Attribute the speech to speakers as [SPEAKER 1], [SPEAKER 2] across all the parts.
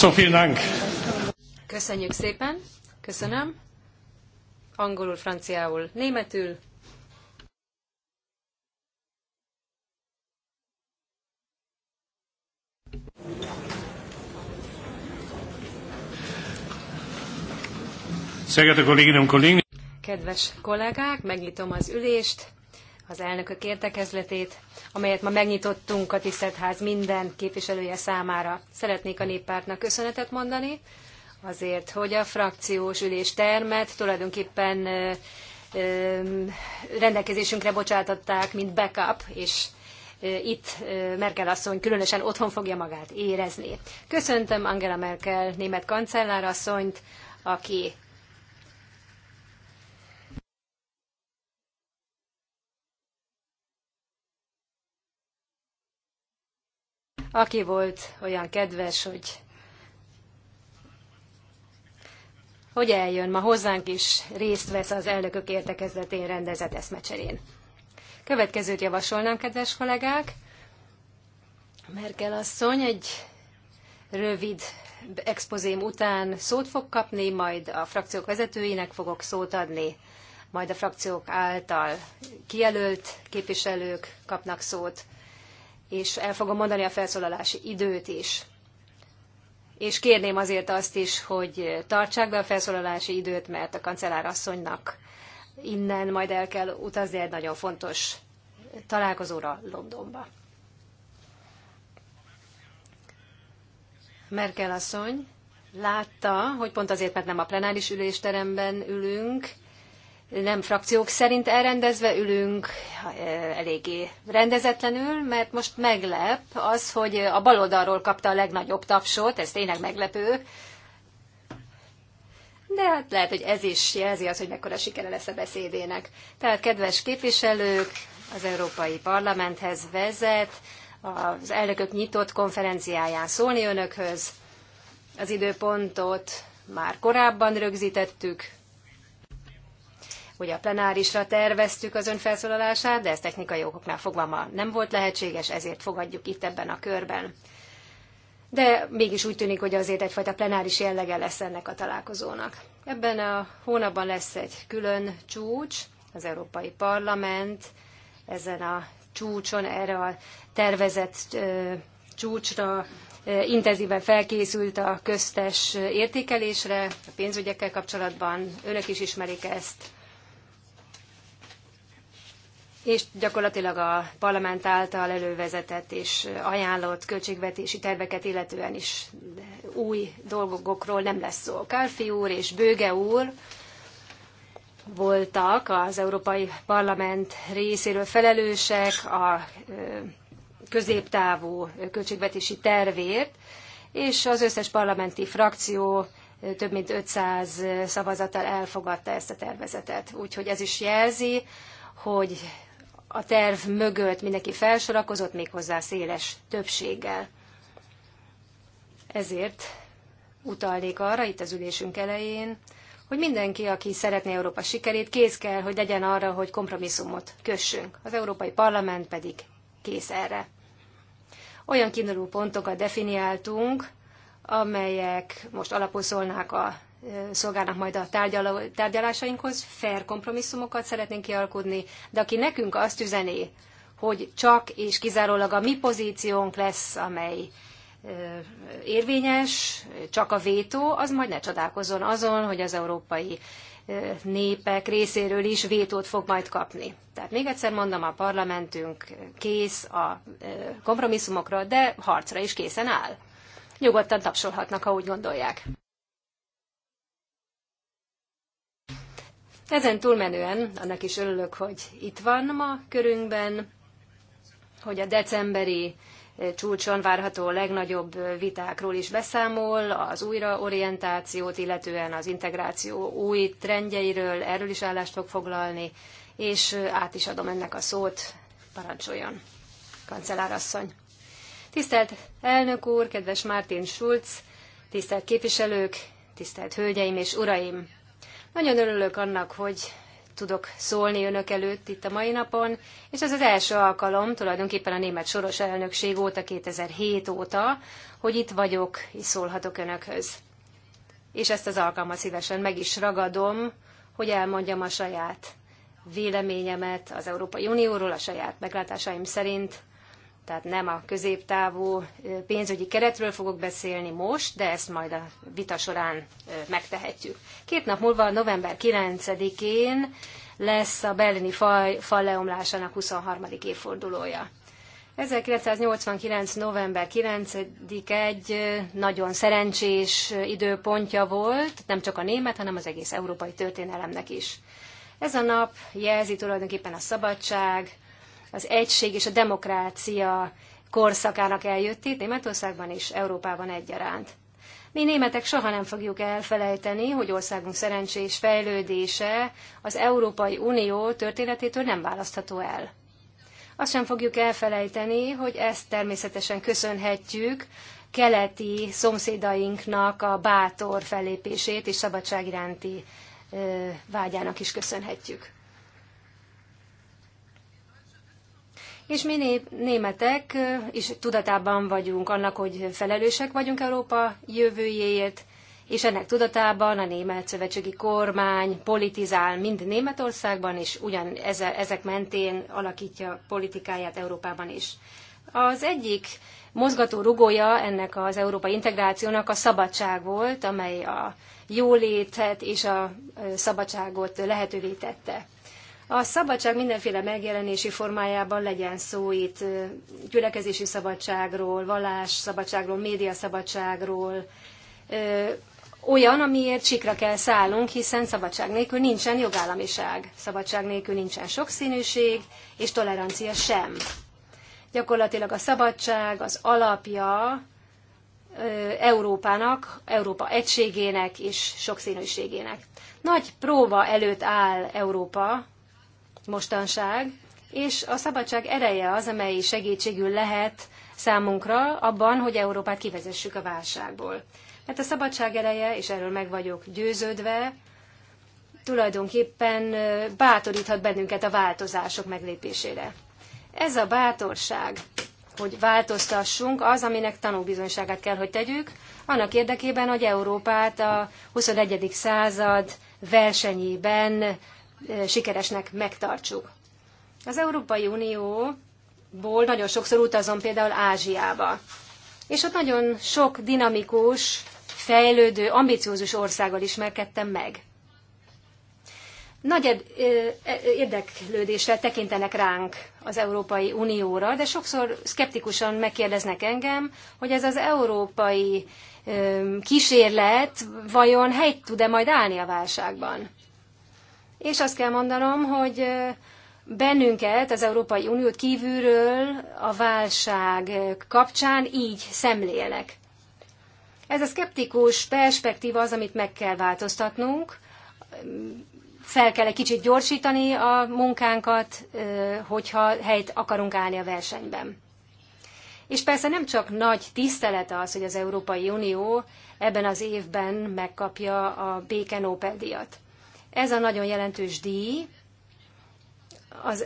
[SPEAKER 1] So, vielen Dank.
[SPEAKER 2] Köszönjük szépen. Köszönöm. Angolul, franciául, németül. Kedves kollégák, megnyitom az ülést az elnökök értekezletét, amelyet ma megnyitottunk a ház minden képviselője számára. Szeretnék a néppártnak köszönetet mondani, azért, hogy a frakciós üléstermet tulajdonképpen ö, ö, rendelkezésünkre bocsátották, mint backup, és itt Merkel asszony különösen otthon fogja magát érezni. Köszöntöm Angela Merkel német kancellárasszonyt, aki aki volt olyan kedves, hogy hogy eljön ma hozzánk is, részt vesz az elnökök értekezletén rendezett eszmecserén. Következőt javasolnám, kedves kollégák. Merkel asszony egy rövid expozém után szót fog kapni, majd a frakciók vezetőinek fogok szót adni, majd a frakciók által kijelölt képviselők kapnak szót és el fogom mondani a felszólalási időt is. És kérném azért azt is, hogy tartsák be a felszólalási időt, mert a kancellárasszonynak innen majd el kell utazni egy nagyon fontos találkozóra Londonba. Merkel asszony látta, hogy pont azért, mert nem a plenáris ülésteremben ülünk, nem frakciók szerint elrendezve ülünk, e, eléggé rendezetlenül, mert most meglep az, hogy a baloldalról kapta a legnagyobb tapsot, ez tényleg meglepő, de hát lehet, hogy ez is jelzi az, hogy mekkora sikere lesz a beszédének. Tehát, kedves képviselők, az Európai Parlamenthez vezet, az elnökök nyitott konferenciáján szólni önökhöz. Az időpontot már korábban rögzítettük, hogy a plenárisra terveztük az ön felszólalását, de ez technikai okoknál fogva ma nem volt lehetséges, ezért fogadjuk itt ebben a körben. De mégis úgy tűnik, hogy azért egyfajta plenáris jellege lesz ennek a találkozónak. Ebben a hónapban lesz egy külön csúcs, az Európai Parlament ezen a csúcson, erre a tervezett csúcsra intenzíven felkészült a köztes értékelésre, a pénzügyekkel kapcsolatban. Önök is ismerik ezt és gyakorlatilag a parlament által elővezetett és ajánlott költségvetési terveket illetően is új dolgokról nem lesz szó. Kárfi úr és Bőge úr voltak az Európai Parlament részéről felelősek a középtávú költségvetési tervért, és az összes parlamenti frakció több mint 500 szavazattal elfogadta ezt a tervezetet. Úgyhogy ez is jelzi, hogy a terv mögött mindenki felsorakozott, méghozzá széles többséggel. Ezért utalnék arra itt az ülésünk elején, hogy mindenki, aki szeretné Európa sikerét, kész kell, hogy legyen arra, hogy kompromisszumot kössünk. Az Európai Parlament pedig kész erre. Olyan kiinduló pontokat definiáltunk, amelyek most alapozolnák a szolgálnak majd a tárgyal, tárgyalásainkhoz, fair kompromisszumokat szeretnénk kialkudni, de aki nekünk azt üzeni, hogy csak és kizárólag a mi pozíciónk lesz, amely érvényes, csak a vétó, az majd ne csodálkozzon azon, hogy az európai népek részéről is vétót fog majd kapni. Tehát még egyszer mondom, a parlamentünk kész a kompromisszumokra, de harcra is készen áll. Nyugodtan tapsolhatnak, ha úgy gondolják. Ezen túlmenően annak is örülök, hogy itt van ma körünkben, hogy a decemberi eh, csúcson várható legnagyobb eh, vitákról is beszámol, az újraorientációt, illetően az integráció új trendjeiről, erről is állást fog foglalni, és eh, át is adom ennek a szót, parancsoljon, kancellárasszony. Tisztelt elnök úr, kedves Martin Schulz, tisztelt képviselők, tisztelt hölgyeim és uraim! Nagyon örülök annak, hogy tudok szólni önök előtt itt a mai napon, és ez az első alkalom tulajdonképpen a német soros elnökség óta, 2007 óta, hogy itt vagyok és szólhatok önökhöz. És ezt az alkalmat szívesen meg is ragadom, hogy elmondjam a saját véleményemet az Európai Unióról, a saját meglátásaim szerint, tehát nem a középtávú pénzügyi keretről fogok beszélni most, de ezt majd a vita során megtehetjük. Két nap múlva, november 9-én lesz a berlini fal, fal leomlásának 23. évfordulója. 1989. november 9 egy nagyon szerencsés időpontja volt, nem csak a német, hanem az egész európai történelemnek is. Ez a nap jelzi tulajdonképpen a szabadság, az egység és a demokrácia korszakának eljöttét Németországban és Európában egyaránt. Mi németek soha nem fogjuk elfelejteni, hogy országunk szerencsés fejlődése az Európai Unió történetétől nem választható el. Azt sem fogjuk elfelejteni, hogy ezt természetesen köszönhetjük keleti szomszédainknak a bátor fellépését és szabadság iránti vágyának is köszönhetjük. és mi nép, németek is tudatában vagyunk annak, hogy felelősek vagyunk Európa jövőjéért, és ennek tudatában a német szövetségi kormány politizál mind Németországban, és ugyan ezek mentén alakítja politikáját Európában is. Az egyik mozgató rugója ennek az európai integrációnak a szabadság volt, amely a jólétet és a szabadságot lehetővé tette. A szabadság mindenféle megjelenési formájában legyen szó itt gyülekezési szabadságról, vallás szabadságról, média szabadságról, olyan, amiért sikra kell szállnunk, hiszen szabadság nélkül nincsen jogállamiság, szabadság nélkül nincsen sokszínűség, és tolerancia sem. Gyakorlatilag a szabadság az alapja Európának, Európa egységének és sokszínűségének. Nagy próba előtt áll Európa mostanság, és a szabadság ereje az, amely segítségül lehet számunkra abban, hogy Európát kivezessük a válságból. Mert a szabadság ereje, és erről meg vagyok győződve, tulajdonképpen bátoríthat bennünket a változások meglépésére. Ez a bátorság, hogy változtassunk, az, aminek tanúbizonyságát kell, hogy tegyük, annak érdekében, hogy Európát a 21. század versenyében sikeresnek megtartsuk. Az Európai Unióból nagyon sokszor utazom például Ázsiába, és ott nagyon sok dinamikus, fejlődő, ambiciózus országgal ismerkedtem meg. Nagy e, érdeklődéssel tekintenek ránk az Európai Unióra, de sokszor szkeptikusan megkérdeznek engem, hogy ez az európai kísérlet vajon helyt tud-e majd állni a válságban és azt kell mondanom, hogy bennünket, az Európai Uniót kívülről a válság kapcsán így szemlélnek. Ez a szkeptikus perspektíva az, amit meg kell változtatnunk. Fel kell egy kicsit gyorsítani a munkánkat, hogyha helyt akarunk állni a versenyben. És persze nem csak nagy tisztelet az, hogy az Európai Unió ebben az évben megkapja a Béke Nobel-díjat. Ez a nagyon jelentős díj az,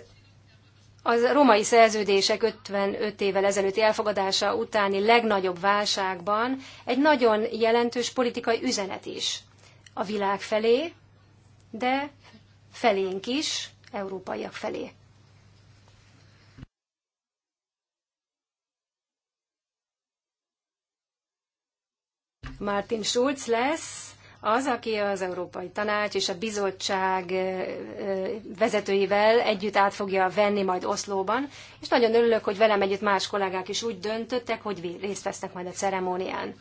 [SPEAKER 2] az romai szerződések 55 évvel ezelőtti elfogadása utáni legnagyobb válságban egy nagyon jelentős politikai üzenet is a világ felé, de felénk is, európaiak felé. Martin Schulz lesz az, aki az Európai Tanács és a bizottság vezetőivel együtt át fogja venni majd Oszlóban, és nagyon örülök, hogy velem együtt más kollégák is úgy döntöttek, hogy részt vesznek majd a ceremónián.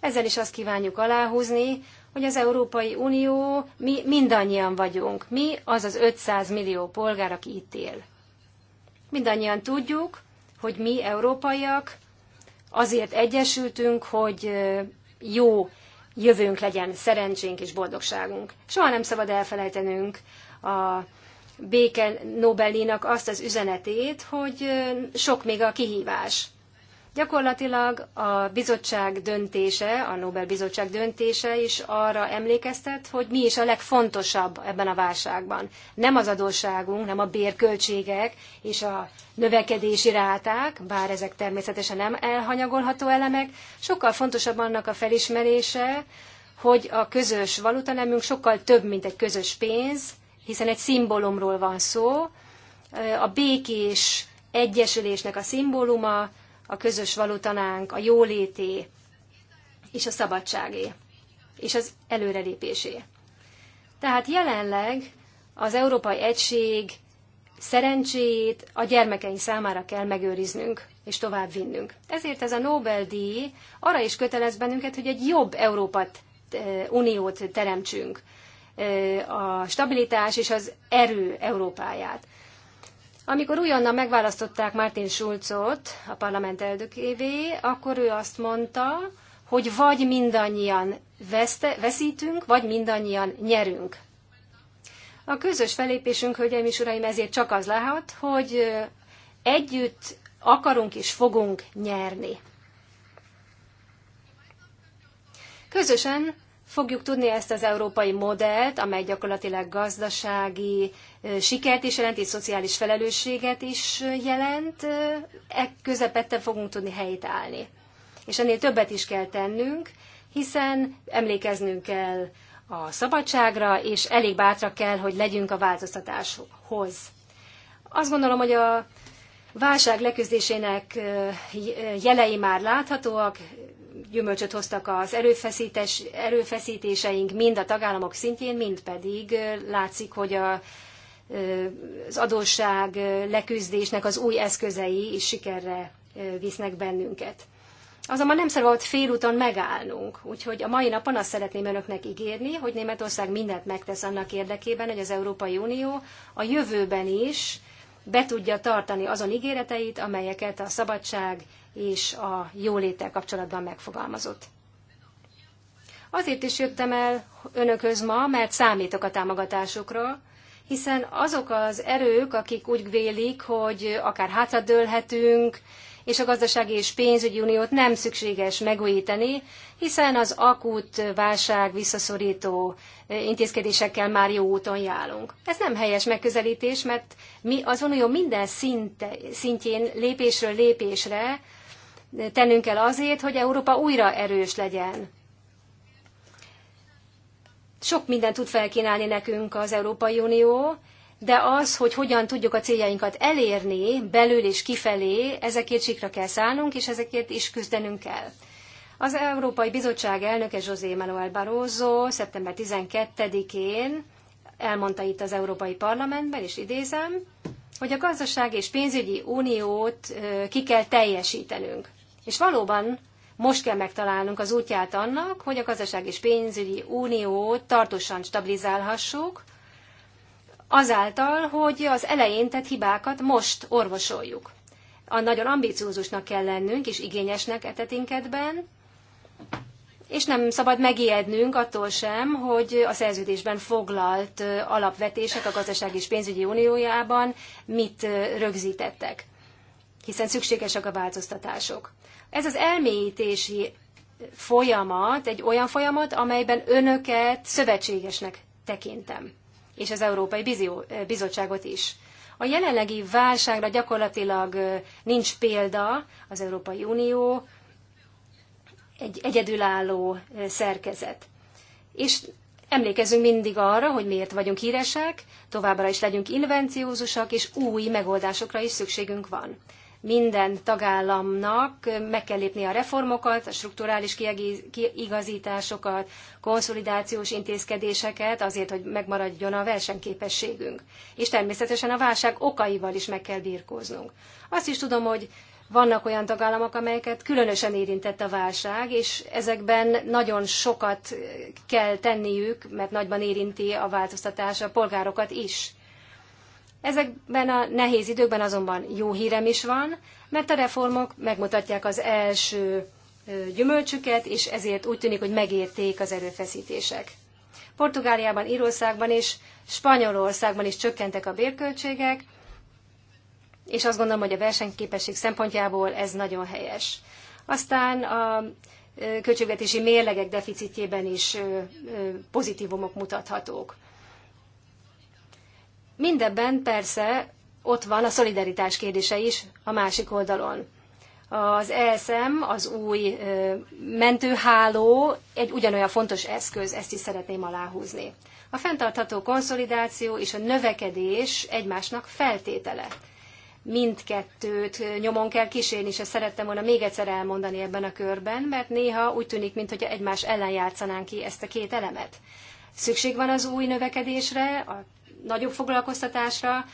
[SPEAKER 2] Ezzel is azt kívánjuk aláhúzni, hogy az Európai Unió, mi mindannyian vagyunk, mi az az 500 millió polgár, aki itt él. Mindannyian tudjuk, hogy mi európaiak azért egyesültünk, hogy jó jövőnk legyen, szerencsénk és boldogságunk. Soha nem szabad elfelejtenünk a béke Nobelinak azt az üzenetét, hogy sok még a kihívás. Gyakorlatilag a bizottság döntése, a Nobel bizottság döntése is arra emlékeztet, hogy mi is a legfontosabb ebben a válságban. Nem az adósságunk, nem a bérköltségek és a növekedési ráták, bár ezek természetesen nem elhanyagolható elemek, sokkal fontosabb annak a felismerése, hogy a közös valutanemünk sokkal több, mint egy közös pénz, hiszen egy szimbólumról van szó, a békés egyesülésnek a szimbóluma, a közös valutanánk, a jólété és a szabadságé, és az előrelépésé. Tehát jelenleg az Európai Egység szerencséjét a gyermekeink számára kell megőriznünk és tovább vinnünk. Ezért ez a Nobel-díj arra is kötelez bennünket, hogy egy jobb Európát uniót teremtsünk, a stabilitás és az erő Európáját. Amikor újonnan megválasztották Martin Schulzot a parlament elnökévé, akkor ő azt mondta, hogy vagy mindannyian veszte, veszítünk, vagy mindannyian nyerünk. A közös felépésünk, hölgyeim és uraim, ezért csak az lehet, hogy együtt akarunk és fogunk nyerni. Közösen fogjuk tudni ezt az európai modellt, amely gyakorlatilag gazdasági sikert is jelent, és szociális felelősséget is jelent, e közepette fogunk tudni helyt állni. És ennél többet is kell tennünk, hiszen emlékeznünk kell a szabadságra, és elég bátrak kell, hogy legyünk a változtatáshoz. Azt gondolom, hogy a válság leküzdésének jelei már láthatóak, gyümölcsöt hoztak az erőfeszítés, erőfeszítéseink, mind a tagállamok szintjén, mind pedig látszik, hogy a, az adósság leküzdésnek az új eszközei is sikerre visznek bennünket. Azonban nem szabad félúton megállnunk, úgyhogy a mai napon azt szeretném önöknek ígérni, hogy Németország mindent megtesz annak érdekében, hogy az Európai Unió a jövőben is be tudja tartani azon ígéreteit, amelyeket a szabadság és a jóléttel kapcsolatban megfogalmazott. Azért is jöttem el önökhöz ma, mert számítok a támogatásukra, hiszen azok az erők, akik úgy vélik, hogy akár hátradőlhetünk, és a gazdasági és pénzügyi uniót nem szükséges megújítani, hiszen az akut válság visszaszorító eh, intézkedésekkel már jó úton járunk. Ez nem helyes megközelítés, mert mi az unió minden szinte, szintjén lépésről lépésre eh, tennünk kell azért, hogy Európa újra erős legyen. Sok mindent tud felkínálni nekünk az Európai Unió, de az, hogy hogyan tudjuk a céljainkat elérni belül és kifelé, ezekért sikra kell szállnunk, és ezekért is küzdenünk kell. Az Európai Bizottság elnöke José Manuel Barroso szeptember 12-én elmondta itt az Európai Parlamentben, és idézem, hogy a gazdaság és pénzügyi uniót ki kell teljesítenünk. És valóban most kell megtalálnunk az útját annak, hogy a gazdaság és pénzügyi uniót tartósan stabilizálhassuk, azáltal, hogy az elején tett hibákat most orvosoljuk. A nagyon ambiciózusnak kell lennünk, és igényesnek etetinketben, és nem szabad megijednünk attól sem, hogy a szerződésben foglalt alapvetések a gazdasági és pénzügyi uniójában mit rögzítettek, hiszen szükségesek a változtatások. Ez az elmélyítési folyamat egy olyan folyamat, amelyben önöket szövetségesnek tekintem és az Európai Bizió, Bizottságot is. A jelenlegi válságra gyakorlatilag nincs példa az Európai Unió, egy egyedülálló szerkezet. És emlékezzünk mindig arra, hogy miért vagyunk híresek, továbbra is legyünk invenciózusak, és új megoldásokra is szükségünk van minden tagállamnak meg kell lépni a reformokat, a strukturális kiigazításokat, konszolidációs intézkedéseket azért, hogy megmaradjon a versenyképességünk. És természetesen a válság okaival is meg kell birkóznunk. Azt is tudom, hogy vannak olyan tagállamok, amelyeket különösen érintett a válság, és ezekben nagyon sokat kell tenniük, mert nagyban érinti a változtatás a polgárokat is. Ezekben a nehéz időkben azonban jó hírem is van, mert a reformok megmutatják az első gyümölcsüket, és ezért úgy tűnik, hogy megérték az erőfeszítések. Portugáliában, Írországban és Spanyolországban is csökkentek a bérköltségek, és azt gondolom, hogy a versenyképesség szempontjából ez nagyon helyes. Aztán a költségvetési mérlegek deficitjében is pozitívumok mutathatók. Mindebben persze ott van a szolidaritás kérdése is a másik oldalon. Az ESM, az új mentőháló egy ugyanolyan fontos eszköz, ezt is szeretném aláhúzni. A fenntartható konszolidáció és a növekedés egymásnak feltétele. Mindkettőt nyomon kell kísérni, és ezt szerettem volna még egyszer elmondani ebben a körben, mert néha úgy tűnik, mintha egymás ellen játszanánk ki ezt a két elemet. Szükség van az új növekedésre, a nagyobb foglalkoztatásra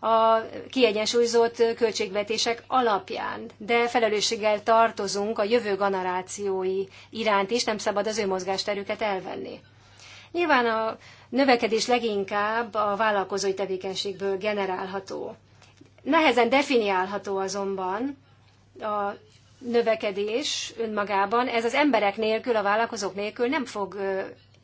[SPEAKER 2] a kiegyensúlyozott költségvetések alapján, de felelősséggel tartozunk a jövő generációi iránt is, nem szabad az ő mozgásterüket elvenni. Nyilván a növekedés leginkább a vállalkozói tevékenységből generálható. Nehezen definiálható azonban a növekedés önmagában, ez az emberek nélkül, a vállalkozók nélkül nem fog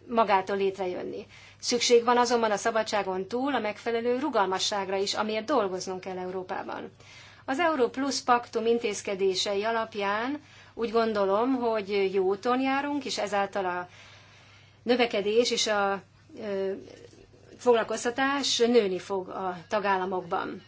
[SPEAKER 2] magától létrejönni. Szükség van azonban a szabadságon túl a megfelelő rugalmasságra is, amiért dolgoznunk kell Európában. Az Euró Plus Paktum intézkedései alapján úgy gondolom, hogy jó úton járunk, és ezáltal a növekedés és a foglalkoztatás nőni fog a tagállamokban.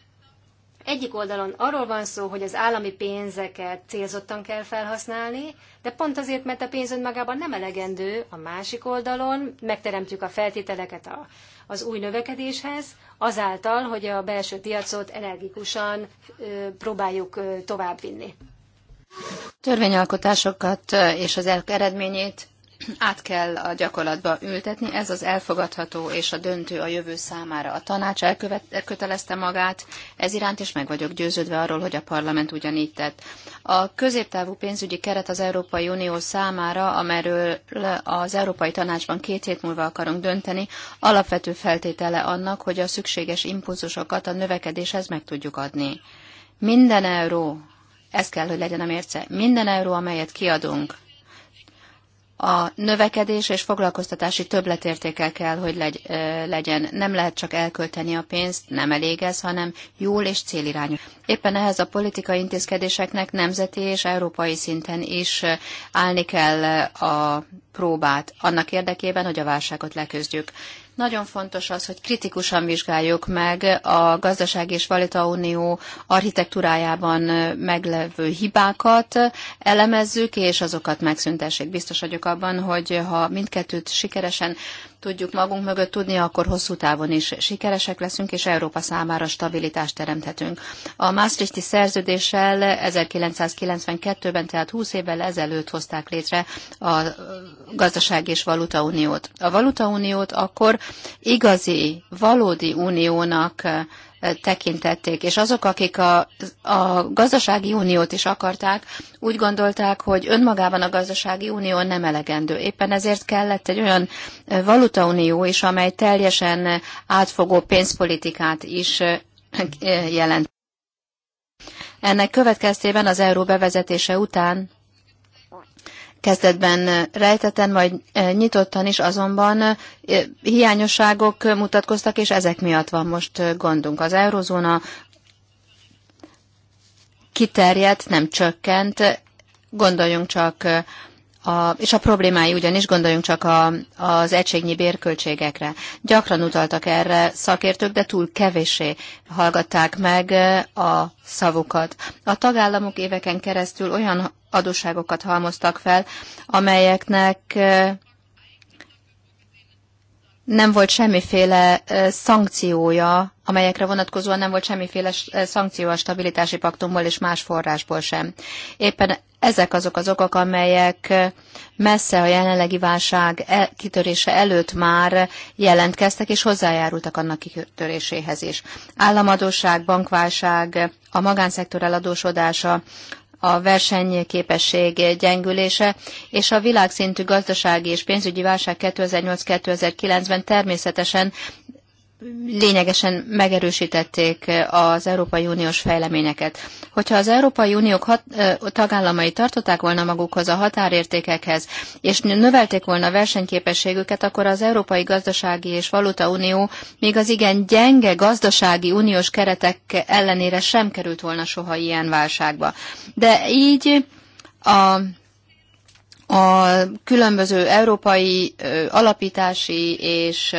[SPEAKER 2] Egyik oldalon arról van szó, hogy az állami pénzeket célzottan kell felhasználni, de pont azért, mert a pénz önmagában nem elegendő, a másik oldalon megteremtjük a feltételeket a, az új növekedéshez, azáltal, hogy a belső piacot energikusan
[SPEAKER 3] ö, próbáljuk ö, továbbvinni. Törvényalkotásokat és az eredményét át kell a gyakorlatba ültetni, ez az elfogadható és a döntő a jövő számára. A tanács elkötelezte magát ez iránt, és meg vagyok győződve arról, hogy a parlament ugyanígy tett. A középtávú pénzügyi keret az Európai Unió számára, amerről az Európai Tanácsban két hét múlva akarunk dönteni, alapvető feltétele annak, hogy a szükséges impulzusokat a növekedéshez meg tudjuk adni. Minden euró, ez kell, hogy legyen a mérce, minden euró, amelyet kiadunk, a növekedés és foglalkoztatási többletértékel kell, hogy legy, legyen. Nem lehet csak elkölteni a pénzt, nem elég ez, hanem jól és célirányú. Éppen ehhez a politikai intézkedéseknek nemzeti és európai szinten is állni kell a próbát, annak érdekében, hogy a válságot leküzdjük. Nagyon fontos az, hogy kritikusan vizsgáljuk meg a gazdaság és valutaunió architektúrájában meglevő hibákat, elemezzük és azokat megszüntessék. Biztos vagyok abban, hogy ha mindkettőt sikeresen tudjuk magunk mögött tudni, akkor hosszú távon is sikeresek leszünk, és Európa számára stabilitást teremthetünk. A Maastrichti szerződéssel 1992-ben, tehát 20 évvel ezelőtt hozták létre a gazdaság és valutauniót. A valutauniót akkor igazi, valódi uniónak tekintették. És azok, akik a, a gazdasági uniót is akarták, úgy gondolták, hogy önmagában a gazdasági unió nem elegendő. Éppen ezért kellett egy olyan valutaunió is, amely teljesen átfogó pénzpolitikát is eh, jelent. Ennek következtében az euró bevezetése után kezdetben rejteten vagy e, nyitottan is, azonban e, hiányosságok mutatkoztak, és ezek miatt van most e, gondunk. Az eurozóna kiterjedt, nem csökkent, gondoljunk csak, a, és a problémái ugyanis gondoljunk csak a, az egységnyi bérköltségekre. Gyakran utaltak erre szakértők, de túl kevésé hallgatták meg a szavukat. A tagállamok éveken keresztül olyan adósságokat halmoztak fel, amelyeknek nem volt semmiféle szankciója, amelyekre vonatkozóan nem volt semmiféle szankció a stabilitási paktumból és más forrásból sem. Éppen ezek azok az okok, amelyek messze a jelenlegi válság e, kitörése előtt már jelentkeztek és hozzájárultak annak kitöréséhez is. Államadóság, bankválság, a magánszektor eladósodása, a versenyképesség gyengülése, és a világszintű gazdasági és pénzügyi válság 2008-2009-ben természetesen lényegesen megerősítették az Európai Uniós fejleményeket. Hogyha az Európai uniók hat, tagállamai tartották volna magukhoz a határértékekhez, és növelték volna a versenyképességüket, akkor az Európai Gazdasági és Valuta Unió még az igen gyenge gazdasági uniós keretek ellenére sem került volna soha ilyen válságba. De így a a különböző európai alapítási és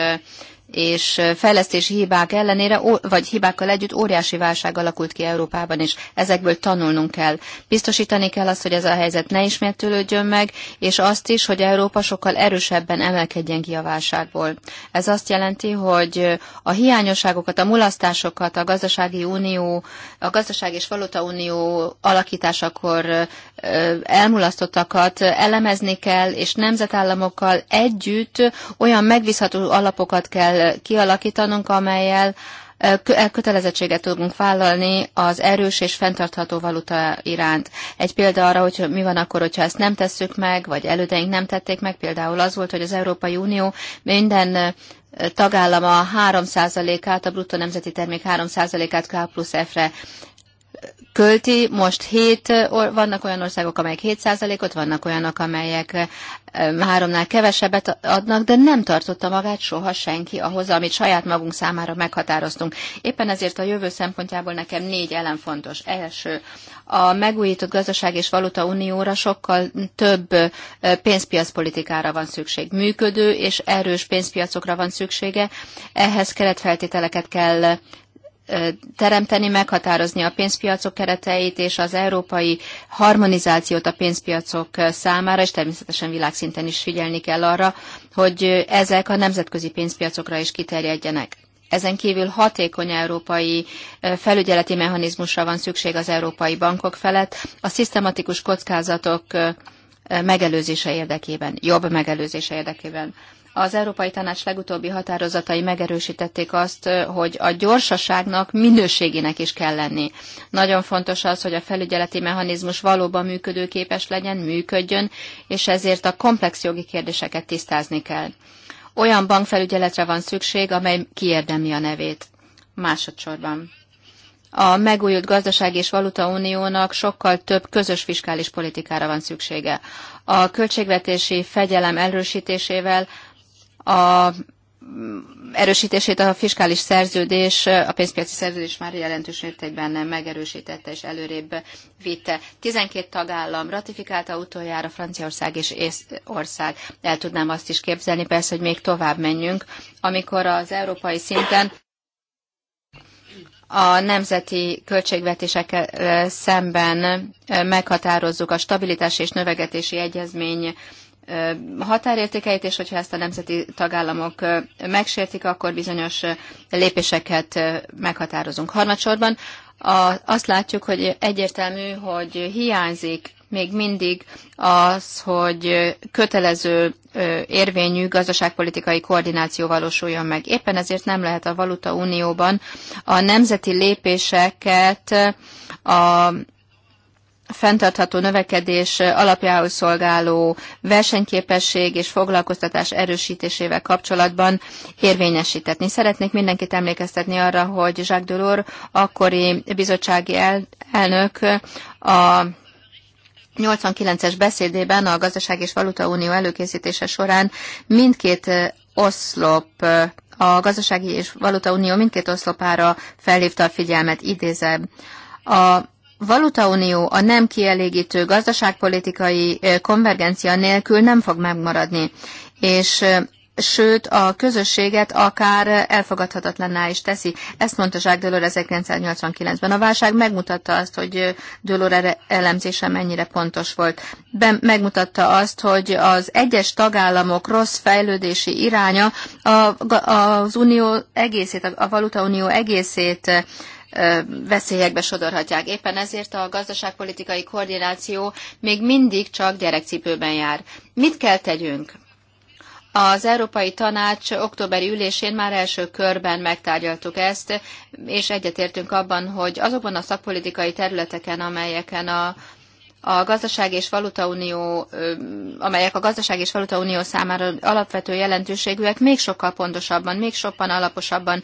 [SPEAKER 3] és fejlesztési hibák ellenére, vagy hibákkal együtt óriási válság alakult ki Európában is. Ezekből tanulnunk kell. Biztosítani kell azt, hogy ez a helyzet ne ismétlődjön meg, és azt is, hogy Európa sokkal erősebben emelkedjen ki a válságból. Ez azt jelenti, hogy a hiányosságokat, a mulasztásokat a gazdasági unió, a gazdaság és valuta unió alakításakor elmulasztottakat elemezni kell, és nemzetállamokkal együtt olyan megbízható alapokat kell kialakítanunk, amelyel e, kötelezettséget tudunk vállalni az erős és fenntartható valuta iránt. Egy példa arra, hogy mi van akkor, hogyha ezt nem tesszük meg, vagy elődeink nem tették meg, például az volt, hogy az Európai Unió minden tagállama 3%-át, a bruttó nemzeti termék 3%-át K plusz F-re költi, most 7, vannak olyan országok, amelyek 7%-ot, vannak olyanok, amelyek háromnál kevesebbet adnak, de nem tartotta magát soha senki ahhoz, amit saját magunk számára meghatároztunk. Éppen ezért a jövő szempontjából nekem négy elem fontos. Első, a megújított gazdaság és valuta unióra sokkal több pénzpiacpolitikára van szükség. Működő és erős pénzpiacokra van szüksége, ehhez keretfeltételeket kell teremteni, meghatározni a pénzpiacok kereteit és az európai harmonizációt a pénzpiacok számára, és természetesen világszinten is figyelni kell arra, hogy ezek a nemzetközi pénzpiacokra is kiterjedjenek. Ezen kívül hatékony európai felügyeleti mechanizmusra van szükség az európai bankok felett, a szisztematikus kockázatok megelőzése érdekében, jobb megelőzése érdekében. Az Európai Tanács legutóbbi határozatai megerősítették azt, hogy a gyorsaságnak minőségének is kell lenni. Nagyon fontos az, hogy a felügyeleti mechanizmus valóban működőképes legyen, működjön, és ezért a komplex jogi kérdéseket tisztázni kell. Olyan bankfelügyeletre van szükség, amely kiérdemli a nevét. Másodszorban. A megújult gazdaság és valutauniónak sokkal több közös fiskális politikára van szüksége. A költségvetési fegyelem erősítésével a erősítését a fiskális szerződés, a pénzpiaci szerződés már jelentős mértékben megerősítette és előrébb vitte. 12 tagállam ratifikálta utoljára Franciaország és Észország. El tudnám azt is képzelni, persze, hogy még tovább menjünk, amikor az európai szinten a nemzeti költségvetések szemben meghatározzuk a stabilitási és növegetési egyezmény határértékeit, és hogyha ezt a nemzeti tagállamok megsértik, akkor bizonyos lépéseket meghatározunk. Harmadsorban a, azt látjuk, hogy egyértelmű, hogy hiányzik még mindig az, hogy kötelező érvényű gazdaságpolitikai koordináció valósuljon meg. Éppen ezért nem lehet a Valuta Unióban a nemzeti lépéseket a fenntartható növekedés alapjául szolgáló versenyképesség és foglalkoztatás erősítésével kapcsolatban érvényesítetni. Szeretnék mindenkit emlékeztetni arra, hogy Jacques Delors akkori bizottsági el, elnök a 89-es beszédében a Gazdaság és Valuta Unió előkészítése során mindkét eh, oszlop eh, a Gazdasági és Valuta Unió mindkét oszlopára felhívta a figyelmet, idézem. A valutaunió a nem kielégítő gazdaságpolitikai konvergencia nélkül nem fog megmaradni, és sőt a közösséget akár elfogadhatatlanná is teszi. Ezt mondta Jacques Delors 1989-ben. A válság megmutatta azt, hogy Delors elemzése mennyire pontos volt. Be, megmutatta azt, hogy az egyes tagállamok rossz fejlődési iránya a, az unió egészét, a valutaunió egészét veszélyekbe sodorhatják. Éppen ezért a gazdaságpolitikai koordináció még mindig csak gyerekcipőben jár. Mit kell tegyünk? Az Európai Tanács októberi ülésén már első körben megtárgyaltuk ezt, és egyetértünk abban, hogy azokban a szakpolitikai területeken, amelyeken a a gazdaság és valutaunió, amelyek a gazdaság és unió számára alapvető jelentőségűek, még sokkal pontosabban, még sokkal alaposabban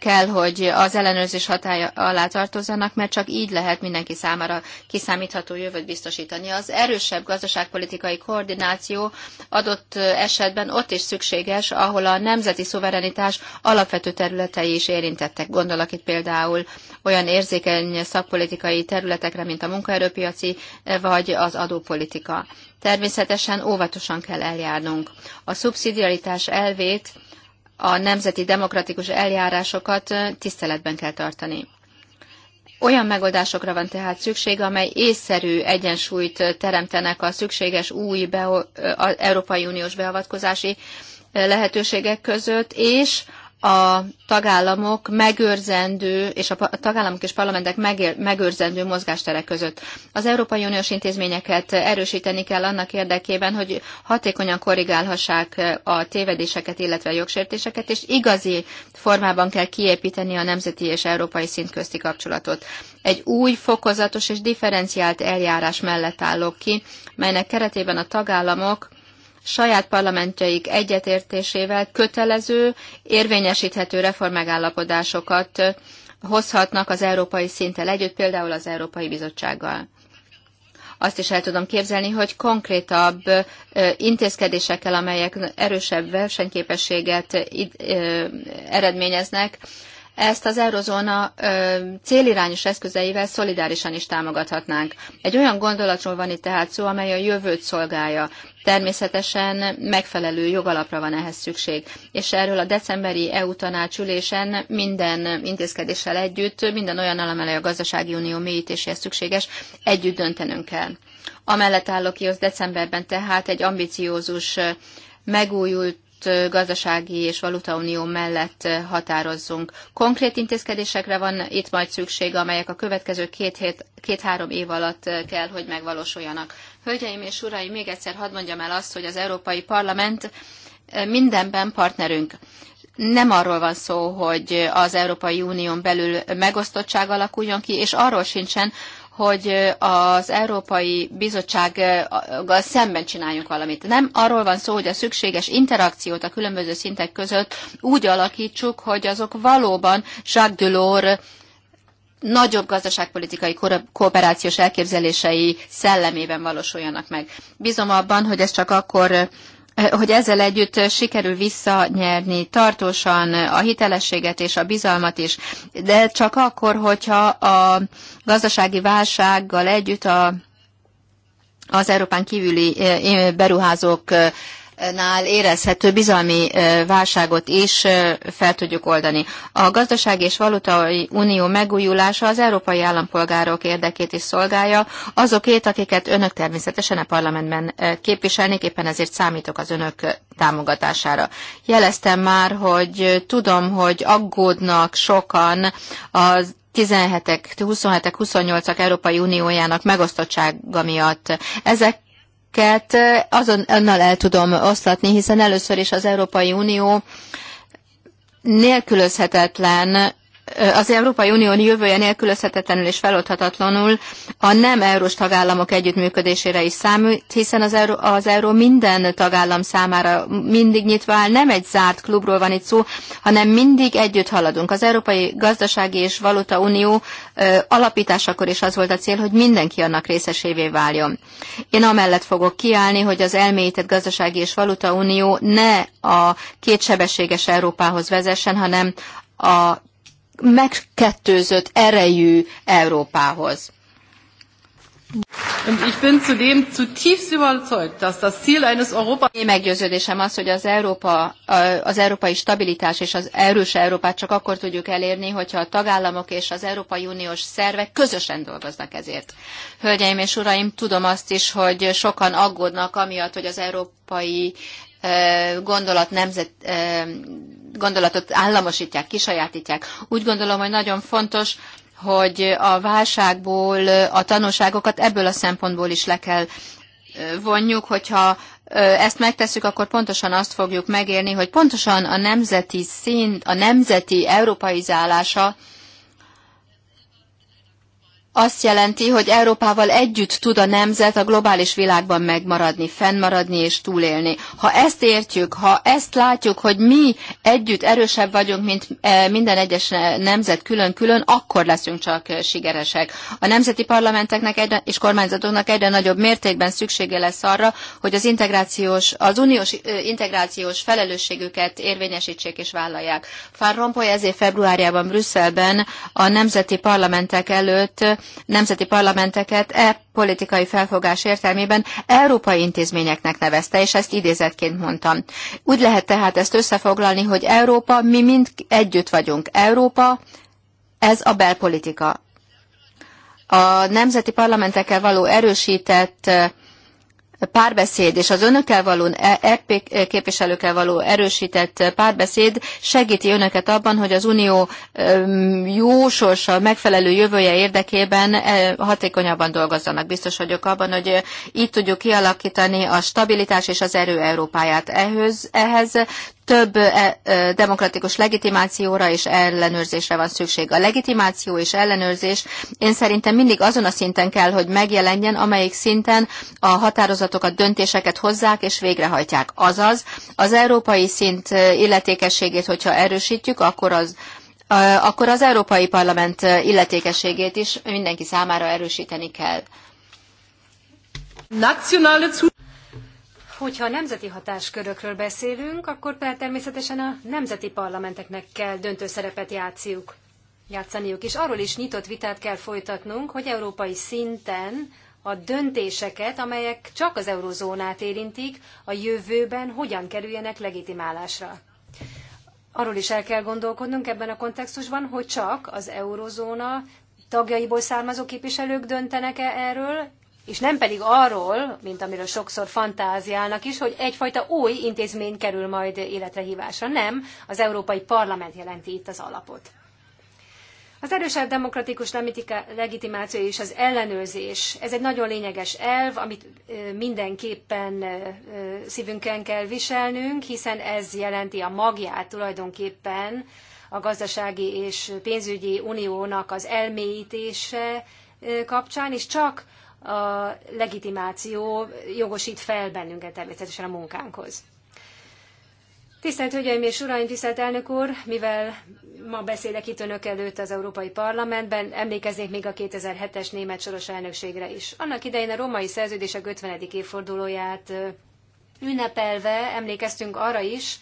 [SPEAKER 3] kell, hogy az ellenőrzés hatája alá tartozzanak, mert csak így lehet mindenki számára kiszámítható jövőt biztosítani. Az erősebb gazdaságpolitikai koordináció adott esetben ott is szükséges, ahol a nemzeti szuverenitás alapvető területei is érintettek. Gondolok itt például olyan érzékeny szakpolitikai területekre, mint a munkaerőpiaci vagy az adópolitika. Természetesen óvatosan kell eljárnunk. A szubszidiaritás elvét, a nemzeti demokratikus eljárásokat tiszteletben kell tartani. Olyan megoldásokra van tehát szükség, amely észszerű egyensúlyt teremtenek a szükséges új beo- a Európai Uniós beavatkozási lehetőségek között, és a tagállamok megőrzendő, és a tagállamok és parlamentek megőrzendő mozgástere között. Az Európai Uniós intézményeket erősíteni kell annak érdekében, hogy hatékonyan korrigálhassák a tévedéseket, illetve a jogsértéseket, és igazi formában kell kiépíteni a nemzeti és európai szint közti kapcsolatot. Egy új, fokozatos és differenciált eljárás mellett állok ki, melynek keretében a tagállamok saját parlamentjeik egyetértésével kötelező, érvényesíthető reformmegállapodásokat hozhatnak az európai szinten. együtt, például az Európai Bizottsággal. Azt is el tudom képzelni, hogy konkrétabb intézkedésekkel, amelyek erősebb versenyképességet eredményeznek, ezt az eurozóna célirányos eszközeivel szolidárisan is támogathatnánk. Egy olyan gondolatról van itt tehát szó, amely a jövőt szolgálja. Természetesen megfelelő jogalapra van ehhez szükség. És erről a decemberi EU tanácsülésen minden intézkedéssel együtt, minden olyan alamelő a gazdasági unió mélyítéséhez szükséges, együtt döntenünk kell. Amellett állok ki, az decemberben tehát egy ambiciózus megújult gazdasági és valutaunió mellett határozzunk. Konkrét intézkedésekre van itt majd szükség, amelyek a következő két-három két, két év alatt kell, hogy megvalósuljanak. Hölgyeim és uraim, még egyszer hadd mondjam el azt, hogy az Európai Parlament mindenben partnerünk. Nem arról van szó, hogy az Európai Unión belül megosztottság alakuljon ki, és arról sincsen, hogy az Európai Bizottsággal szemben csináljunk valamit. Nem arról van szó, hogy a szükséges interakciót a különböző szintek között úgy alakítsuk, hogy azok valóban Jacques Delors nagyobb gazdaságpolitikai kooperációs elképzelései szellemében valósuljanak meg. Bízom abban, hogy ez csak akkor hogy ezzel együtt sikerül visszanyerni tartósan a hitelességet és a bizalmat is, de csak akkor, hogyha a gazdasági válsággal együtt a, az Európán kívüli eh, beruházók eh, nál érezhető bizalmi válságot is fel tudjuk oldani. A gazdasági és valutai unió megújulása az európai állampolgárok érdekét is szolgálja, azokét, akiket önök természetesen a parlamentben képviselnék, éppen ezért számítok az önök támogatására. Jeleztem már, hogy tudom, hogy aggódnak sokan az 17-ek, 27-ek, 28-ak Európai Uniójának megosztottsága miatt. Ezek azonnal el tudom oszlatni, hiszen először is az Európai Unió nélkülözhetetlen az Európai Unió jövője nélkülözhetetlenül és feloldhatatlanul a nem eurós tagállamok együttműködésére is számít, hiszen az euró, az euró minden tagállam számára mindig nyitva áll, nem egy zárt klubról van itt szó, hanem mindig együtt haladunk. Az Európai Gazdasági és Valuta Unió alapításakor is az volt a cél, hogy mindenki annak részesévé váljon. Én amellett fogok kiállni, hogy az elmélyített Gazdasági és Valuta Unió ne a kétsebességes Európához vezessen, hanem a megkettőzött erejű Európához.
[SPEAKER 1] Und ich bin zudem zutiefst überzeugt, dass das
[SPEAKER 3] Ziel eines Europa meggyőződésem az, hogy az, Európa, az európai stabilitás és az erős Európát csak akkor tudjuk elérni, hogyha a tagállamok és az Európai Uniós szervek közösen dolgoznak ezért. Hölgyeim és uraim, tudom azt is, hogy sokan aggódnak amiatt, hogy az európai gondolat nemzet, gondolatot államosítják, kisajátítják. Úgy gondolom, hogy nagyon fontos, hogy a válságból a tanulságokat ebből a szempontból is le kell vonjuk, hogyha ezt megtesszük, akkor pontosan azt fogjuk megérni, hogy pontosan a nemzeti szint, a nemzeti európai zálása, azt jelenti, hogy Európával együtt tud a nemzet a globális világban megmaradni, fennmaradni és túlélni. Ha ezt értjük, ha ezt látjuk, hogy mi együtt erősebb vagyunk, mint e, minden egyes nemzet külön-külön, akkor leszünk csak sikeresek. A nemzeti parlamenteknek egyre, és kormányzatoknak egyre nagyobb mértékben szüksége lesz arra, hogy az integrációs, az uniós integrációs felelősségüket érvényesítsék és vállalják. Fár Rompoy ezért februárjában Brüsszelben a nemzeti parlamentek előtt nemzeti parlamenteket e politikai felfogás értelmében európai intézményeknek nevezte, és ezt idézetként mondtam. Úgy lehet tehát ezt összefoglalni, hogy Európa, mi mind együtt vagyunk. Európa, ez a belpolitika. A nemzeti parlamentekkel való erősített párbeszéd és az önökkel való, EP e képviselőkkel való erősített párbeszéd segíti önöket abban, hogy az unió jó sorsa, megfelelő jövője érdekében e, hatékonyabban dolgozzanak. Biztos vagyok abban, hogy e, így tudjuk kialakítani a stabilitás és az erő Európáját. Ehhez, ehhez több e, e, demokratikus legitimációra és ellenőrzésre van szükség. A legitimáció és ellenőrzés én szerintem mindig azon a szinten kell, hogy megjelenjen, amelyik szinten a határozatokat, döntéseket hozzák és végrehajtják. Azaz, az európai szint e, illetékességét, hogyha erősítjük, akkor az akkor az Európai Parlament illetékességét is mindenki számára erősíteni kell. Nacionale
[SPEAKER 2] Hogyha nemzeti hatáskörökről beszélünk, akkor természetesen a nemzeti parlamenteknek kell döntő szerepet játsziuk, játszaniuk. És arról is nyitott vitát kell folytatnunk, hogy európai szinten a döntéseket, amelyek csak az eurozónát érintik, a jövőben hogyan kerüljenek legitimálásra. Arról is el kell gondolkodnunk ebben a kontextusban, hogy csak az eurozóna tagjaiból származó képviselők döntenek-e erről, és nem pedig arról, mint amiről sokszor fantáziálnak is, hogy egyfajta új intézmény kerül majd életre hívásra. Nem, az Európai Parlament jelenti itt az alapot. Az erősebb demokratikus legitimáció és az ellenőrzés, ez egy nagyon lényeges elv, amit mindenképpen szívünkön kell viselnünk, hiszen ez jelenti a magját tulajdonképpen a gazdasági és pénzügyi uniónak az elmélyítése kapcsán, és csak a legitimáció jogosít fel bennünket természetesen a munkánkhoz. Tisztelt Hölgyeim és Uraim, tisztelt elnök úr, mivel ma beszélek itt önök előtt az Európai Parlamentben, emlékeznék még a 2007-es német soros elnökségre is. Annak idején a római szerződések 50. évfordulóját ünnepelve emlékeztünk arra is,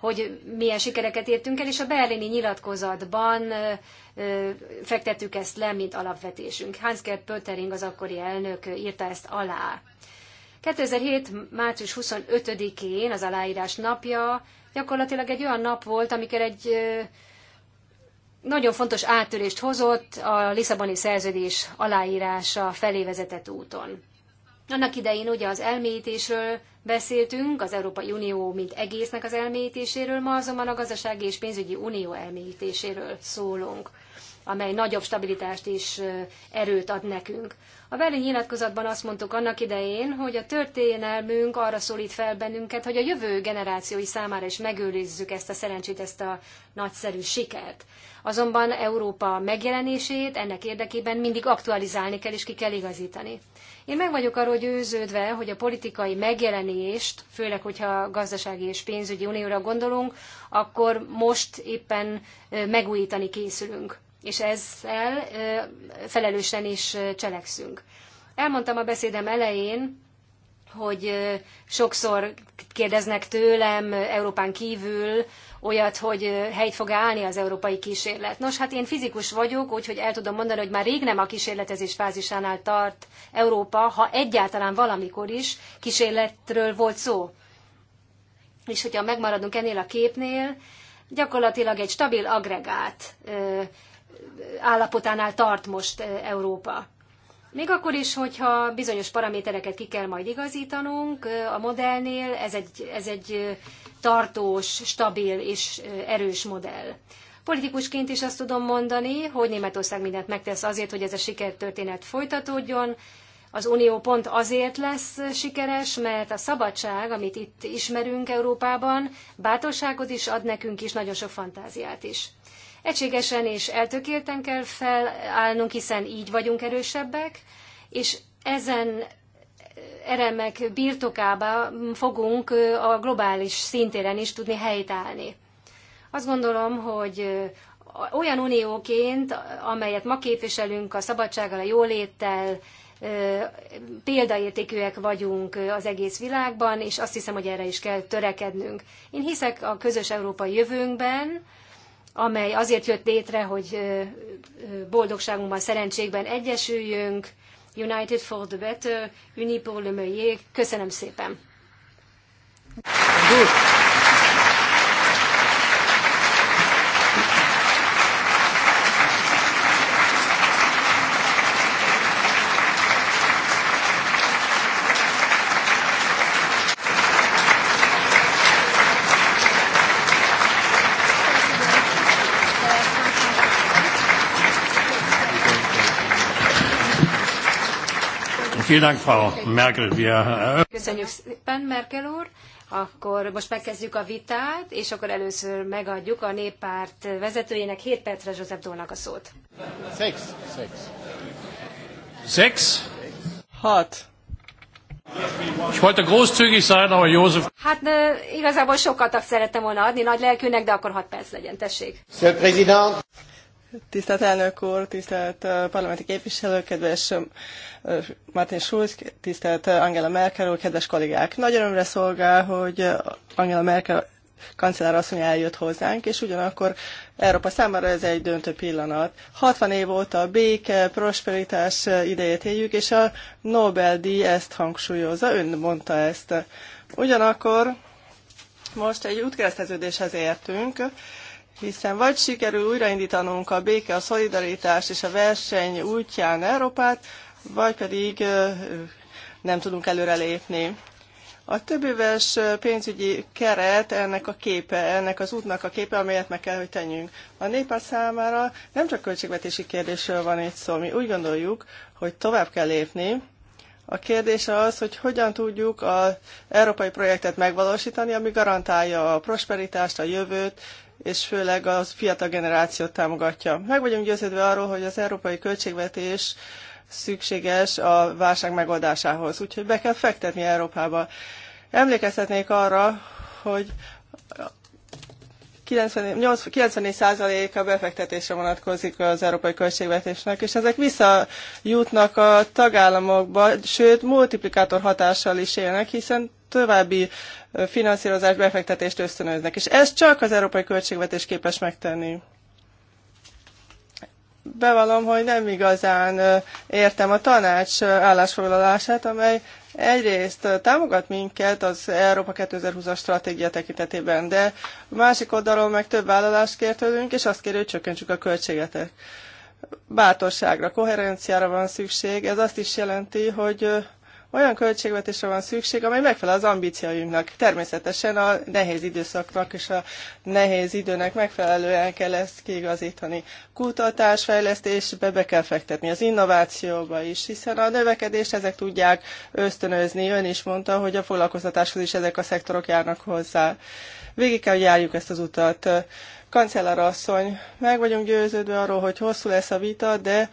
[SPEAKER 2] hogy milyen sikereket értünk el, és a berlini nyilatkozatban fektettük ezt le, mint alapvetésünk. Hans-Gerd Pöttering, az akkori elnök írta ezt alá. 2007. március 25-én az aláírás napja gyakorlatilag egy olyan nap volt, amikor egy nagyon fontos áttörést hozott a Lisszaboni szerződés aláírása felé vezetett úton. Annak idején ugye az elmélyítésről beszéltünk, az Európai Unió mint egésznek az elmélyítéséről, ma azonban a gazdasági és pénzügyi unió elmélyítéséről szólunk amely nagyobb stabilitást és erőt ad nekünk. A Berlin nyilatkozatban azt mondtuk annak idején, hogy a történelmünk arra szólít fel bennünket, hogy a jövő generációi számára is megőrizzük ezt a szerencsét, ezt a nagyszerű sikert. Azonban Európa megjelenését ennek érdekében mindig aktualizálni kell és ki kell igazítani. Én meg vagyok arról győződve, hogy a politikai megjelenést, főleg, hogyha gazdasági és pénzügyi unióra gondolunk, akkor most éppen megújítani készülünk és ezzel felelősen is cselekszünk. Elmondtam a beszédem elején, hogy sokszor kérdeznek tőlem Európán kívül olyat, hogy helyt fog állni az európai kísérlet. Nos, hát én fizikus vagyok, úgyhogy el tudom mondani, hogy már rég nem a kísérletezés fázisánál tart Európa, ha egyáltalán valamikor is kísérletről volt szó. És hogyha megmaradunk ennél a képnél, gyakorlatilag egy stabil agregát állapotánál tart most eh, Európa. Még akkor is, hogyha bizonyos paramétereket ki kell majd igazítanunk eh, a modellnél, ez egy, ez egy eh, tartós, stabil és erős modell. Politikusként is azt tudom mondani, hogy Németország mindent megtesz azért, hogy ez a sikertörténet folytatódjon. Az Unió pont azért lesz sikeres, mert a szabadság, amit itt ismerünk Európában, bátorságot is ad nekünk is, nagyon sok fantáziát is. Egységesen és eltökélten kell felállnunk, hiszen így vagyunk erősebbek, és ezen eremek birtokába fogunk a globális szintéren is tudni helytállni. Azt gondolom, hogy olyan unióként, amelyet ma képviselünk a szabadsággal, a jóléttel, példaértékűek vagyunk az egész világban, és azt hiszem, hogy erre is kell törekednünk. Én hiszek a közös európai jövőnkben, amely azért jött létre, hogy boldogságunkban, szerencsékben egyesüljünk, United for the Better, Uni pour le Meilleur. Köszönöm szépen!
[SPEAKER 3] Good.
[SPEAKER 1] Äh,
[SPEAKER 2] Köszönjük szépen, Merkel úr. Akkor most megkezdjük a vitát, és akkor először megadjuk a néppárt vezetőjének 7 percre József Dónak a szót.
[SPEAKER 1] Six. Six.
[SPEAKER 2] Six? Hat. Ich wollte großzügig sein, aber József... Hát igazából sokat szerettem volna adni, nagy lelkűnek, de akkor hat perc legyen, tessék.
[SPEAKER 3] Monsieur le Président.
[SPEAKER 1] Tisztelt elnök úr, tisztelt parlamenti képviselő, kedves Martin Schulz, tisztelt Angela Merkel úr, kedves kollégák! Nagy örömre szolgál, hogy Angela Merkel kancellár asszony eljött hozzánk, és ugyanakkor Európa számára ez egy döntő pillanat. 60 év óta a béke, prosperitás idejét éljük, és a Nobel-díj ezt hangsúlyozza, ön mondta ezt. Ugyanakkor most egy útkereszteződéshez értünk, hiszen vagy sikerül újraindítanunk a béke, a szolidaritás és a verseny útján Európát, vagy pedig nem tudunk előrelépni. A többéves pénzügyi keret ennek a képe, ennek az útnak a képe, amelyet meg kell, hogy tenjünk. A népát számára nem csak költségvetési kérdésről van itt szó, mi úgy gondoljuk, hogy tovább kell lépni. A kérdés az, hogy hogyan tudjuk az európai projektet megvalósítani, ami garantálja a prosperitást, a jövőt, és főleg a fiatal generációt támogatja. Meg vagyunk győződve arról, hogy az európai költségvetés szükséges a válság megoldásához, úgyhogy be kell fektetni Európába. Emlékeztetnék arra, hogy 94% a befektetésre vonatkozik az európai költségvetésnek, és ezek visszajutnak a tagállamokba, sőt multiplikátor hatással is élnek, hiszen további finanszírozást, befektetést ösztönöznek. És ezt csak az európai költségvetés képes megtenni. Bevallom, hogy nem igazán értem a tanács állásfoglalását, amely egyrészt támogat minket az Európa 2020-as stratégia tekintetében, de másik oldalról meg több vállalást kért tőlünk, és azt kérjük, hogy csökkentsük a költségetek. Bátorságra, koherenciára van szükség. Ez azt is jelenti, hogy olyan költségvetésre van szükség, amely megfelel az ambícióinknak. Természetesen a nehéz időszaknak és a nehéz időnek megfelelően kell ezt kiigazítani. Kutatás, fejlesztésbe be kell fektetni, az innovációba is, hiszen a növekedést ezek tudják ösztönözni. Ön is mondta, hogy a foglalkoztatáshoz is ezek a szektorok járnak hozzá. Végig kell, hogy járjuk ezt az utat. Kancellár asszony, meg vagyunk győződve arról, hogy hosszú lesz a vita, de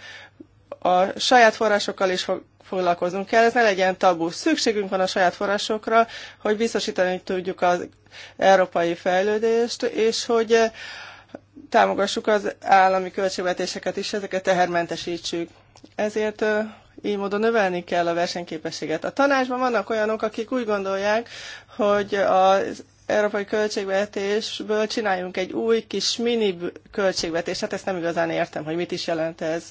[SPEAKER 1] a saját forrásokkal is foglalkoznunk kell. Ez ne legyen tabu. Szükségünk van a saját forrásokra, hogy biztosítani tudjuk az európai fejlődést, és hogy eh, támogassuk az állami költségvetéseket is, ezeket tehermentesítsük. Ezért eh, így módon növelni kell a versenyképességet. A tanácsban vannak olyanok, akik úgy gondolják, hogy az európai költségvetésből csináljunk egy új kis mini költségvetést. Hát ezt nem igazán értem, hogy mit is jelent ez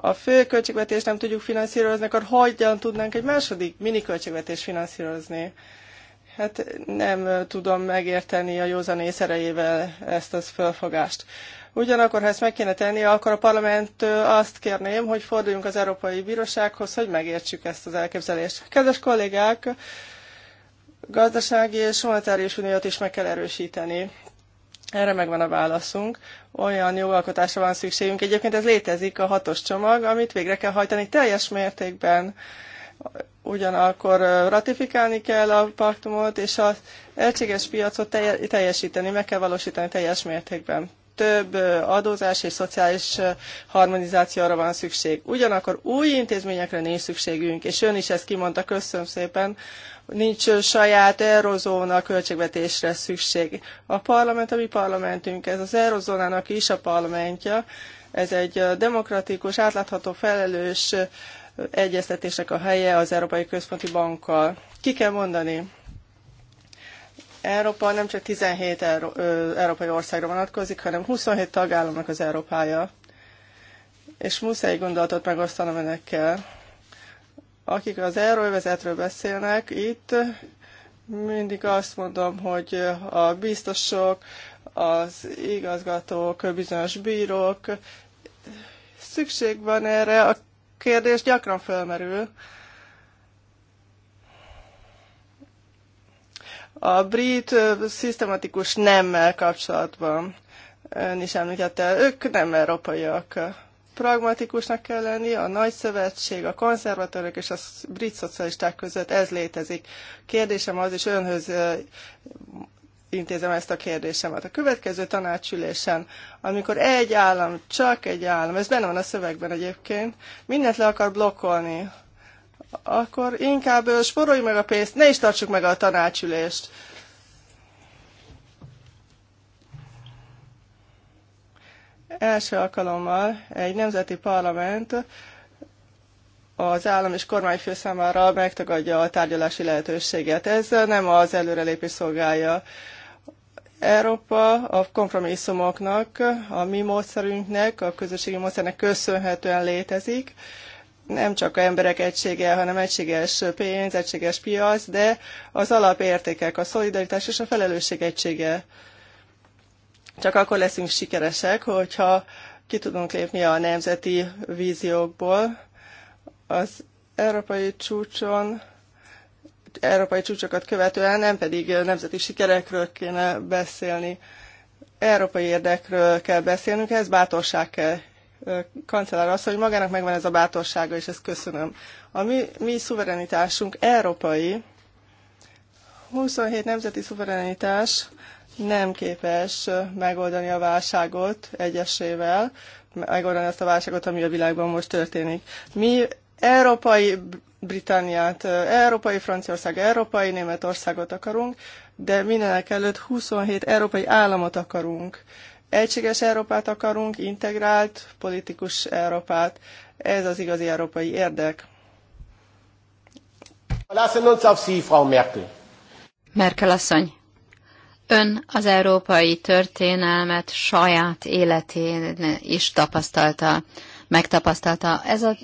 [SPEAKER 1] a fő költségvetést nem tudjuk finanszírozni, akkor hogyan tudnánk egy második mini költségvetést finanszírozni? Hát nem tudom megérteni a józan észerejével ezt az fölfogást. Ugyanakkor, ha ezt meg kéne tenni, akkor a parlament azt kérném, hogy forduljunk az Európai Bírósághoz, hogy megértsük ezt az elképzelést. Kedves kollégák, gazdasági és monetáris uniót is meg kell erősíteni. Erre megvan a válaszunk. Olyan jogalkotásra van szükségünk. Egyébként ez létezik a hatos csomag, amit végre kell hajtani teljes mértékben. Ugyanakkor ratifikálni kell a paktumot, és az egységes piacot teljesíteni, meg kell valósítani teljes mértékben több adózás és szociális harmonizációra van szükség. Ugyanakkor új intézményekre nincs szükségünk, és ön is ezt kimondta, köszönöm szépen, nincs saját eurozóna költségvetésre szükség. A parlament, a mi parlamentünk, ez az eurozónának is a parlamentja, ez egy demokratikus, átlátható, felelős egyeztetések a helye az Európai Központi Bankkal. Ki kell mondani? Európa nem csak 17 euró, európai országra vonatkozik, hanem 27 tagállamnak az Európája. És muszáj gondolatot megosztanom önökkel akik az euróvezetről beszélnek itt, mindig azt mondom, hogy a biztosok, az igazgatók, bizonyos bírók, szükség van erre, a kérdés gyakran felmerül. A brit szisztematikus nemmel kapcsolatban ön is említette, ők nem európaiak pragmatikusnak kell lenni, a nagy szövetség, a konzervatőrök és a brit szocialisták között ez létezik. Kérdésem az, és önhöz intézem ezt a kérdésemet. A következő tanácsülésen, amikor egy állam, csak egy állam, ez benne van a szövegben egyébként, mindent le akar blokkolni, akkor inkább sporolj meg a pénzt, ne is tartsuk meg a tanácsülést. első alkalommal egy nemzeti parlament az állam és kormányfő számára megtagadja a tárgyalási lehetőséget. Ez nem az előrelépés szolgálja. Európa a kompromisszumoknak, a mi módszerünknek, a közösségi módszernek köszönhetően létezik. Nem csak a emberek egysége, hanem egységes pénz, egységes piac, de az alapértékek, a szolidaritás és a felelősség egysége. Csak akkor leszünk sikeresek, hogyha ki tudunk lépni a nemzeti víziókból. Az európai csúcson európai csúcsokat követően, nem pedig nemzeti sikerekről kéne beszélni. Európai érdekről kell beszélnünk, ez bátorság kell. Kancellár az, hogy magának megvan ez a bátorsága, és ezt köszönöm. A mi, mi szuverenitásunk európai, 27 nemzeti szuverenitás nem képes megoldani a válságot egyesével, megoldani azt a válságot, ami a világban most történik. Mi európai Britanniát, európai Franciaország, európai Németországot akarunk, de mindenek előtt 27 európai államot akarunk. Egységes Európát akarunk, integrált, politikus Európát. Ez az igazi európai érdek.
[SPEAKER 3] Merkel asszony. Ön az európai történelmet saját életén is tapasztalta, megtapasztalta. Ez a,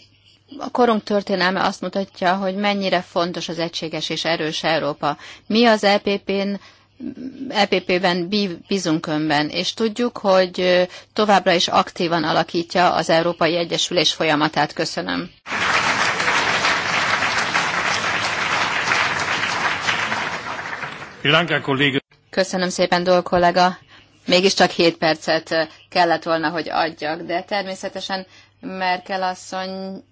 [SPEAKER 3] a korunk történelme azt mutatja, hogy mennyire fontos az egységes és erős Európa. Mi az EPP-n EPP-ben bízunk önben, és tudjuk, hogy továbbra is aktívan alakítja az Európai Egyesülés folyamatát. Köszönöm. Köszönöm szépen, Dol kollega. Mégiscsak 7 percet kellett volna, hogy adjak, de természetesen Merkel asszony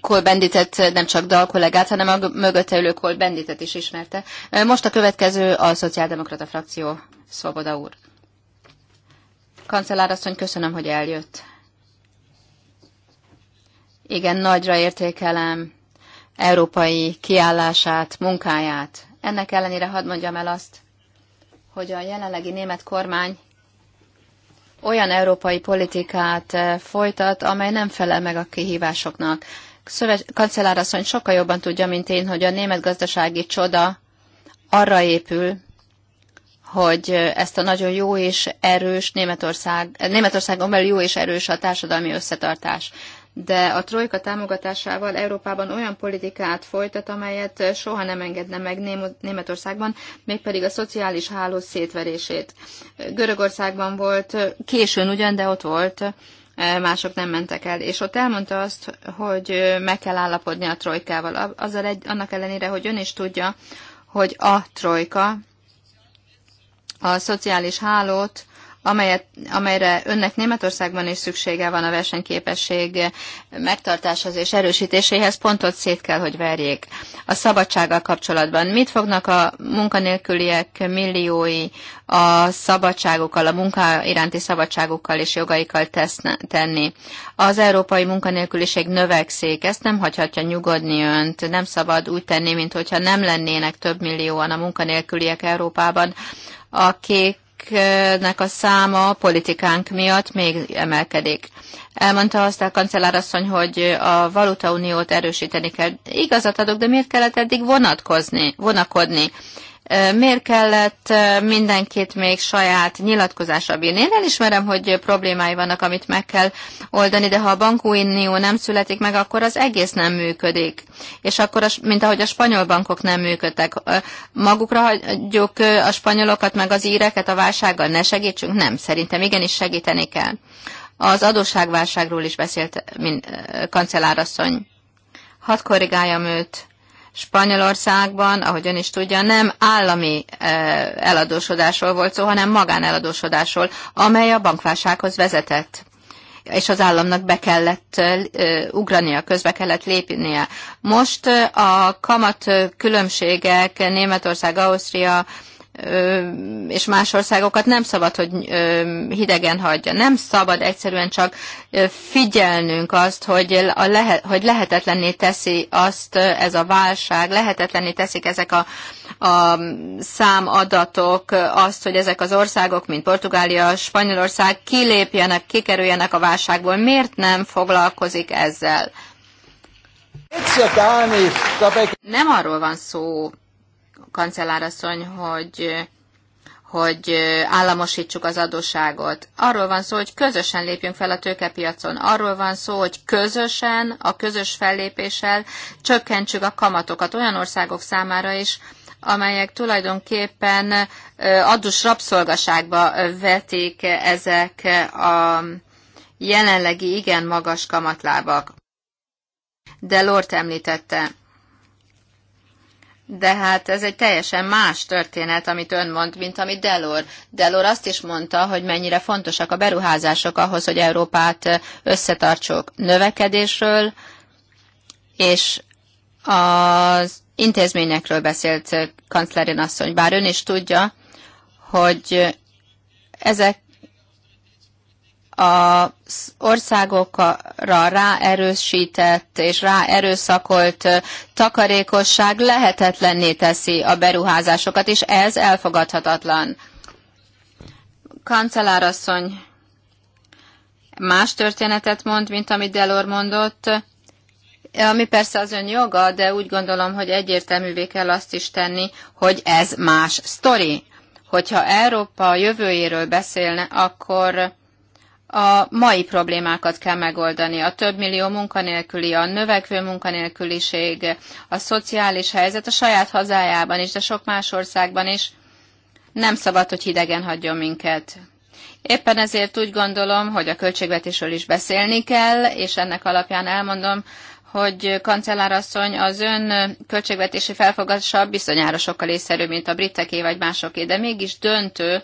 [SPEAKER 3] Kolbenditet nem csak Dal kollégát, hanem a mögötte ülő Kolbenditet is ismerte. Most a következő a Szociáldemokrata frakció, Szoboda úr. Kancellárasszony, köszönöm, hogy eljött. Igen, nagyra értékelem európai kiállását, munkáját. Ennek ellenére hadd mondjam el azt, hogy a jelenlegi német kormány olyan európai politikát eh, folytat, amely nem felel meg a kihívásoknak. kancellár asszony, sokkal jobban tudja, mint én, hogy a német gazdasági csoda arra épül, hogy eh, ezt a nagyon jó és erős Németország, eh, Németországon belül jó és erős a társadalmi összetartás de a trojka támogatásával Európában olyan politikát folytat, amelyet soha nem engedne meg Németországban, mégpedig a szociális háló szétverését. Görögországban volt, későn ugyan, de ott volt, mások nem mentek el. És ott elmondta azt, hogy meg kell állapodni a trojkával, azzal egy, annak ellenére, hogy ön is tudja, hogy a trojka a szociális hálót amelyet, amelyre önnek Németországban is szüksége van a versenyképesség megtartáshoz és erősítéséhez, pontot szét kell, hogy verjék. A szabadsággal kapcsolatban mit fognak a munkanélküliek milliói a szabadságokkal a munka iránti szabadságokkal és jogaikkal teszne, tenni? Az európai munkanélküliség növekszik, ezt nem hagyhatja nyugodni önt, nem szabad úgy tenni, mint hogyha nem lennének több millióan a munkanélküliek Európában, akik embereknek a száma politikánk miatt még emelkedik. Elmondta azt a kancellárasszony, hogy a valutauniót erősíteni kell. Igazat adok, de miért kellett eddig vonatkozni, vonakodni? Miért kellett mindenkit még saját nyilatkozásra bírni? Én elismerem, hogy problémái vannak, amit meg kell oldani, de ha a bankunió nem születik meg, akkor az egész nem működik. És akkor, mint ahogy a spanyol bankok nem működtek, magukra hagyjuk a spanyolokat, meg az íreket a válsággal, ne segítsünk? Nem, szerintem igenis segíteni kell. Az adósságválságról is beszélt min, kancellárasszony. Hadd korrigáljam őt Spanyolországban, ahogy ön is tudja, nem állami eh, eladósodásról volt szó, hanem magáneladósodásról, amely a bankválsághoz vezetett és az államnak be kellett eh, ugrania, közbe kellett lépnie. Most eh, a kamat különbségek Németország, Ausztria, és más országokat nem szabad, hogy hidegen hagyja. Nem szabad egyszerűen csak figyelnünk azt, hogy, a lehet, hogy lehetetlenné teszi azt ez a válság, lehetetlenné teszik ezek a, a számadatok azt, hogy ezek az országok, mint Portugália, Spanyolország kilépjenek, kikerüljenek a válságból. Miért nem foglalkozik ezzel? Nem arról van szó, kancellárasszony, hogy hogy államosítsuk az adósságot. Arról van szó, hogy közösen lépjünk fel a tőkepiacon. Arról van szó, hogy közösen, a közös fellépéssel csökkentsük a kamatokat olyan országok számára is, amelyek tulajdonképpen adós rabszolgaságba vetik ezek a jelenlegi igen magas kamatlábak. De Lord említette, de hát ez egy teljesen más történet, amit ön mond, mint amit Delor. Delor azt is mondta, hogy mennyire fontosak a beruházások ahhoz, hogy Európát összetartsuk növekedésről, és az intézményekről beszélt kanclerin asszony, bár ön is tudja, hogy ezek az országokra ráerősített és ráerőszakolt takarékosság lehetetlenné teszi a beruházásokat, és ez elfogadhatatlan. Kancellárasszony más történetet mond, mint amit Delor mondott, ami persze az ön joga, de úgy gondolom, hogy egyértelművé kell azt is tenni, hogy ez más sztori. Hogyha Európa jövőjéről beszélne, akkor a mai problémákat kell megoldani. A több millió munkanélküli, a növekvő munkanélküliség, a szociális helyzet a saját hazájában is, de sok más országban is nem szabad, hogy hidegen hagyjon minket. Éppen ezért úgy gondolom, hogy a költségvetésről is beszélni kell, és ennek alapján elmondom, hogy kancellárasszony az ön költségvetési felfogása bizonyára sokkal észszerűbb, mint a briteké vagy másoké, de mégis döntő,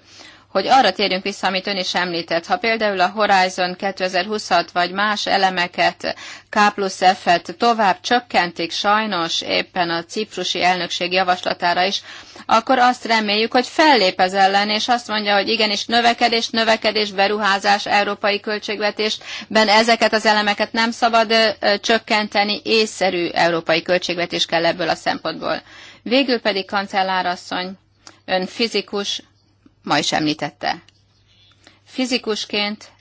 [SPEAKER 3] hogy arra térjünk vissza, amit ön is említett. Ha például a Horizon 2026 vagy más elemeket, K plusz F-et tovább csökkentik sajnos éppen a ciprusi elnökség javaslatára is, akkor azt reméljük, hogy fellép ez ellen, és azt mondja, hogy igenis növekedés, növekedés, beruházás, európai költségvetésben ezeket az elemeket nem szabad csökkenteni, észszerű európai költségvetés kell ebből a szempontból. Végül pedig kancellárasszony, ön fizikus, ma is említette. Fizikusként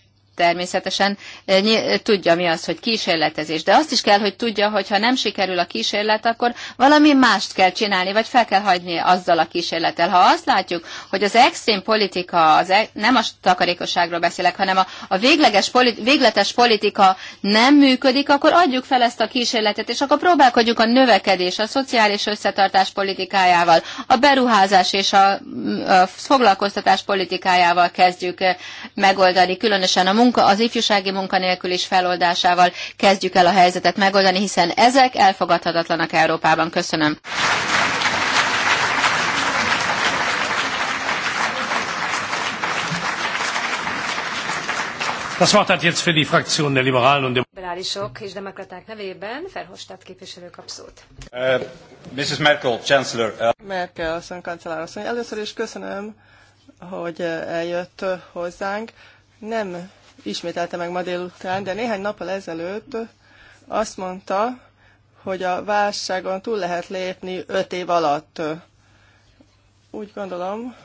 [SPEAKER 3] természetesen eh, tudja mi az, hogy kísérletezés. De azt is kell, hogy tudja, hogy ha nem sikerül a kísérlet, akkor valami mást kell csinálni, vagy fel kell hagyni azzal a kísérlettel. Ha azt látjuk, hogy az extrém politika, az, e- nem a takarékosságról beszélek, hanem a, a végleges politi, végletes politika nem működik, akkor adjuk fel ezt a kísérletet, és akkor próbálkozunk a növekedés, a szociális összetartás politikájával, a beruházás és a, a foglalkoztatás politikájával kezdjük eh, megoldani, különösen a munka munka, az ifjúsági munkanélkülés feloldásával kezdjük el a helyzetet megoldani, hiszen ezek elfogadhatatlanak Európában. Köszönöm. Das Wort hat jetzt für die Fraktion der Liberalen und
[SPEAKER 2] Liberálisok és Demokraták nevében Verhofstadt képviselő kap szót.
[SPEAKER 3] Uh, Mrs. Merkel, Chancellor. Uh...
[SPEAKER 1] Merkel, asszony, kancellár asszony. Először is köszönöm, hogy uh, eljött hozzánk. Nem ismételte meg ma délután, de néhány nappal ezelőtt azt mondta, hogy a válságon túl lehet lépni öt év alatt. Úgy gondolom,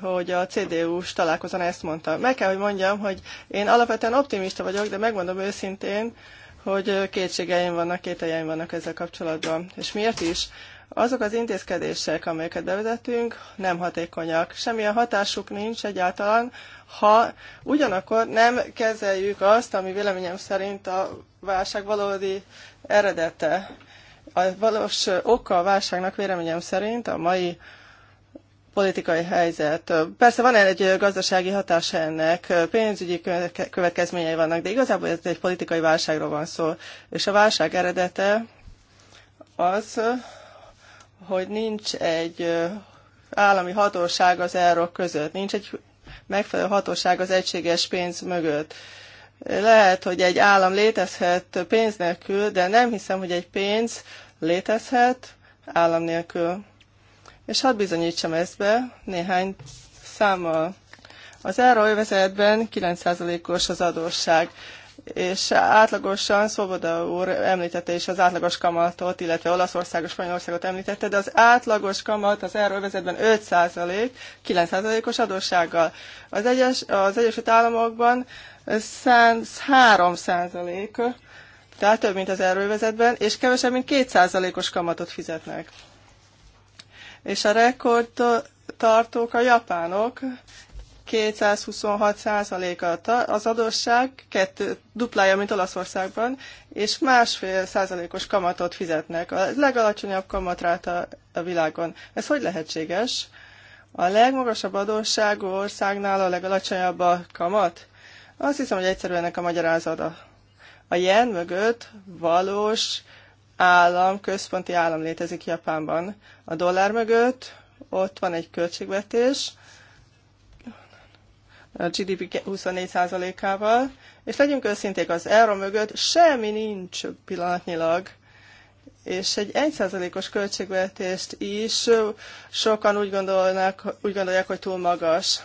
[SPEAKER 1] hogy a CDU-s találkozón ezt mondta. Meg kell, hogy mondjam, hogy én alapvetően optimista vagyok, de megmondom őszintén, hogy kétségeim vannak, kételjeim vannak ezzel kapcsolatban. És miért is? Azok az intézkedések, amelyeket bevezetünk, nem hatékonyak. Semmilyen hatásuk nincs egyáltalán, ha ugyanakkor nem kezeljük azt, ami véleményem szerint a válság valódi eredete. A valós oka a válságnak véleményem szerint a mai politikai helyzet. Persze van egy gazdasági hatása ennek, pénzügyi következményei vannak, de igazából ez egy politikai válságról van szó. És a válság eredete az, hogy nincs egy állami hatóság az erről között, nincs egy megfelelő hatóság az egységes pénz mögött. Lehet, hogy egy állam létezhet pénz nélkül, de nem hiszem, hogy egy pénz létezhet állam nélkül. És hadd bizonyítsam ezt be néhány számmal. Az euróövezetben 9%-os az adósság és átlagosan Szoboda úr említette is az átlagos kamatot, illetve és Spanyolországot említette, de az átlagos kamat az euróvezetben 5%, 9%-os adóssággal. Az, egyes, az Egyesült Államokban 3%, tehát több, mint az euróvezetben, és kevesebb, mint 2%-os kamatot fizetnek. És a rekord tartók a japánok, 226 százaléka az adósság, kettő, duplája, mint Olaszországban, és másfél százalékos kamatot fizetnek. A legalacsonyabb kamatráta a világon. Ez hogy lehetséges? A legmagasabb adósságú országnál a legalacsonyabb a kamat? Azt hiszem, hogy egyszerűen ennek a magyarázata. A jen mögött valós állam, központi állam létezik Japánban. A dollár mögött ott van egy költségvetés, a GDP 24%-ával, és legyünk őszinték, az euró mögött semmi nincs pillanatnyilag, és egy 1%-os költségvetést is sokan úgy, gondolnak, úgy gondolják, hogy túl magas.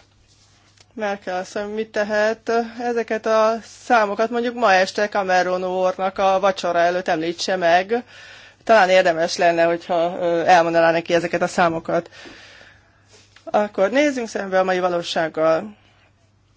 [SPEAKER 1] Merkel azt mondja, mit tehet ezeket a számokat, mondjuk ma este Cameron úrnak a vacsora előtt említse meg. Talán érdemes lenne, hogyha elmondaná neki ezeket a számokat. Akkor nézzünk szembe a mai valósággal.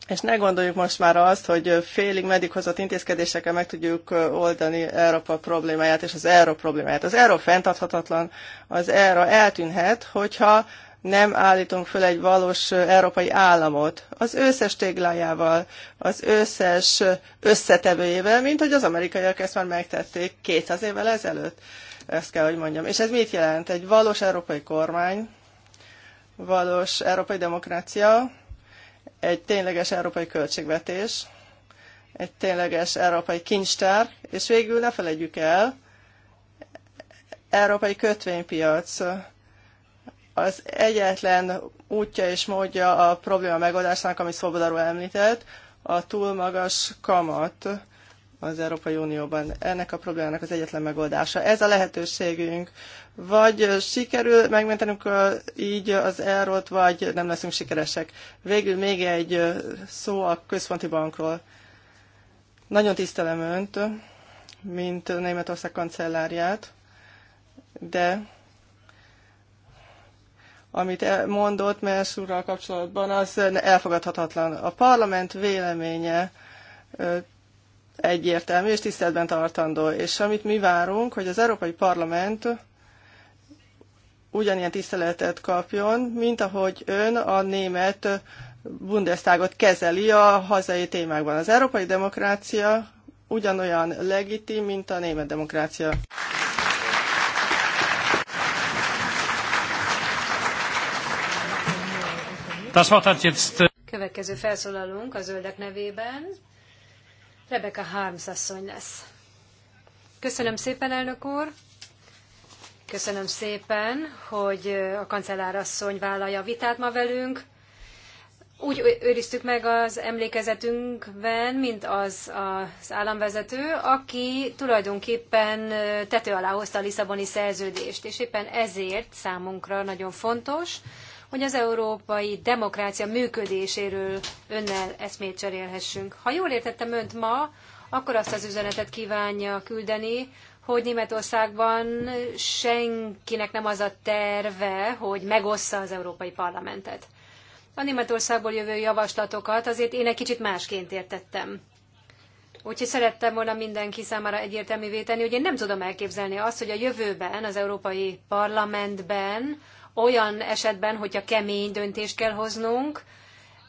[SPEAKER 1] És ne gondoljuk most már azt, hogy félig meddig hozott intézkedésekkel meg tudjuk oldani Európa problémáját és az euró problémáját. Az euró fenntarthatatlan, az euró eltűnhet, hogyha nem állítunk föl egy valós európai államot az összes téglájával, az összes összetevőjével, mint hogy az amerikaiak ezt már megtették 200 évvel ezelőtt. Ezt kell, hogy mondjam. És ez mit jelent? Egy valós európai kormány, valós európai demokrácia, egy tényleges európai költségvetés, egy tényleges európai kincstár, és végül ne felejtjük el, európai kötvénypiac az egyetlen útja és módja a probléma megoldásának, amit Szobodaró említett, a túl magas kamat az Európai Unióban. Ennek a problémának az egyetlen megoldása. Ez a lehetőségünk vagy sikerül megmentenünk így az elrót, vagy nem leszünk sikeresek. Végül még egy szó a központi bankról. Nagyon tisztelem Önt, mint Németország kancellárját, de amit e- mondott Mers úrral kapcsolatban, az elfogadhatatlan. A parlament véleménye egyértelmű és tiszteletben tartandó. És amit mi várunk, hogy az Európai Parlament ugyanilyen tiszteletet kapjon, mint ahogy ön a német Bundestagot kezeli a hazai témákban. Az európai demokrácia ugyanolyan legitim, mint a német demokrácia. Das Wort hat jetzt äh,
[SPEAKER 2] Következő felszólalunk a zöldek nevében. Rebecca Harms asszony lesz. Köszönöm szépen, elnök úr! Köszönöm szépen, hogy a kancellárasszony vállalja a vitát ma velünk. Úgy őriztük meg az emlékezetünkben, mint az az államvezető, aki tulajdonképpen tető alá hozta a Lisszaboni szerződést, és éppen ezért számunkra nagyon fontos, hogy az európai demokrácia működéséről önnel eszmét cserélhessünk. Ha jól értettem önt ma, akkor azt az üzenetet kívánja küldeni, hogy Németországban senkinek nem az a terve, hogy megossza az Európai Parlamentet. A Németországból jövő javaslatokat azért én egy kicsit másként értettem. Úgyhogy szerettem volna mindenki számára egyértelművé tenni, hogy én nem tudom elképzelni azt, hogy a jövőben az Európai Parlamentben olyan esetben, hogyha kemény döntést kell hoznunk,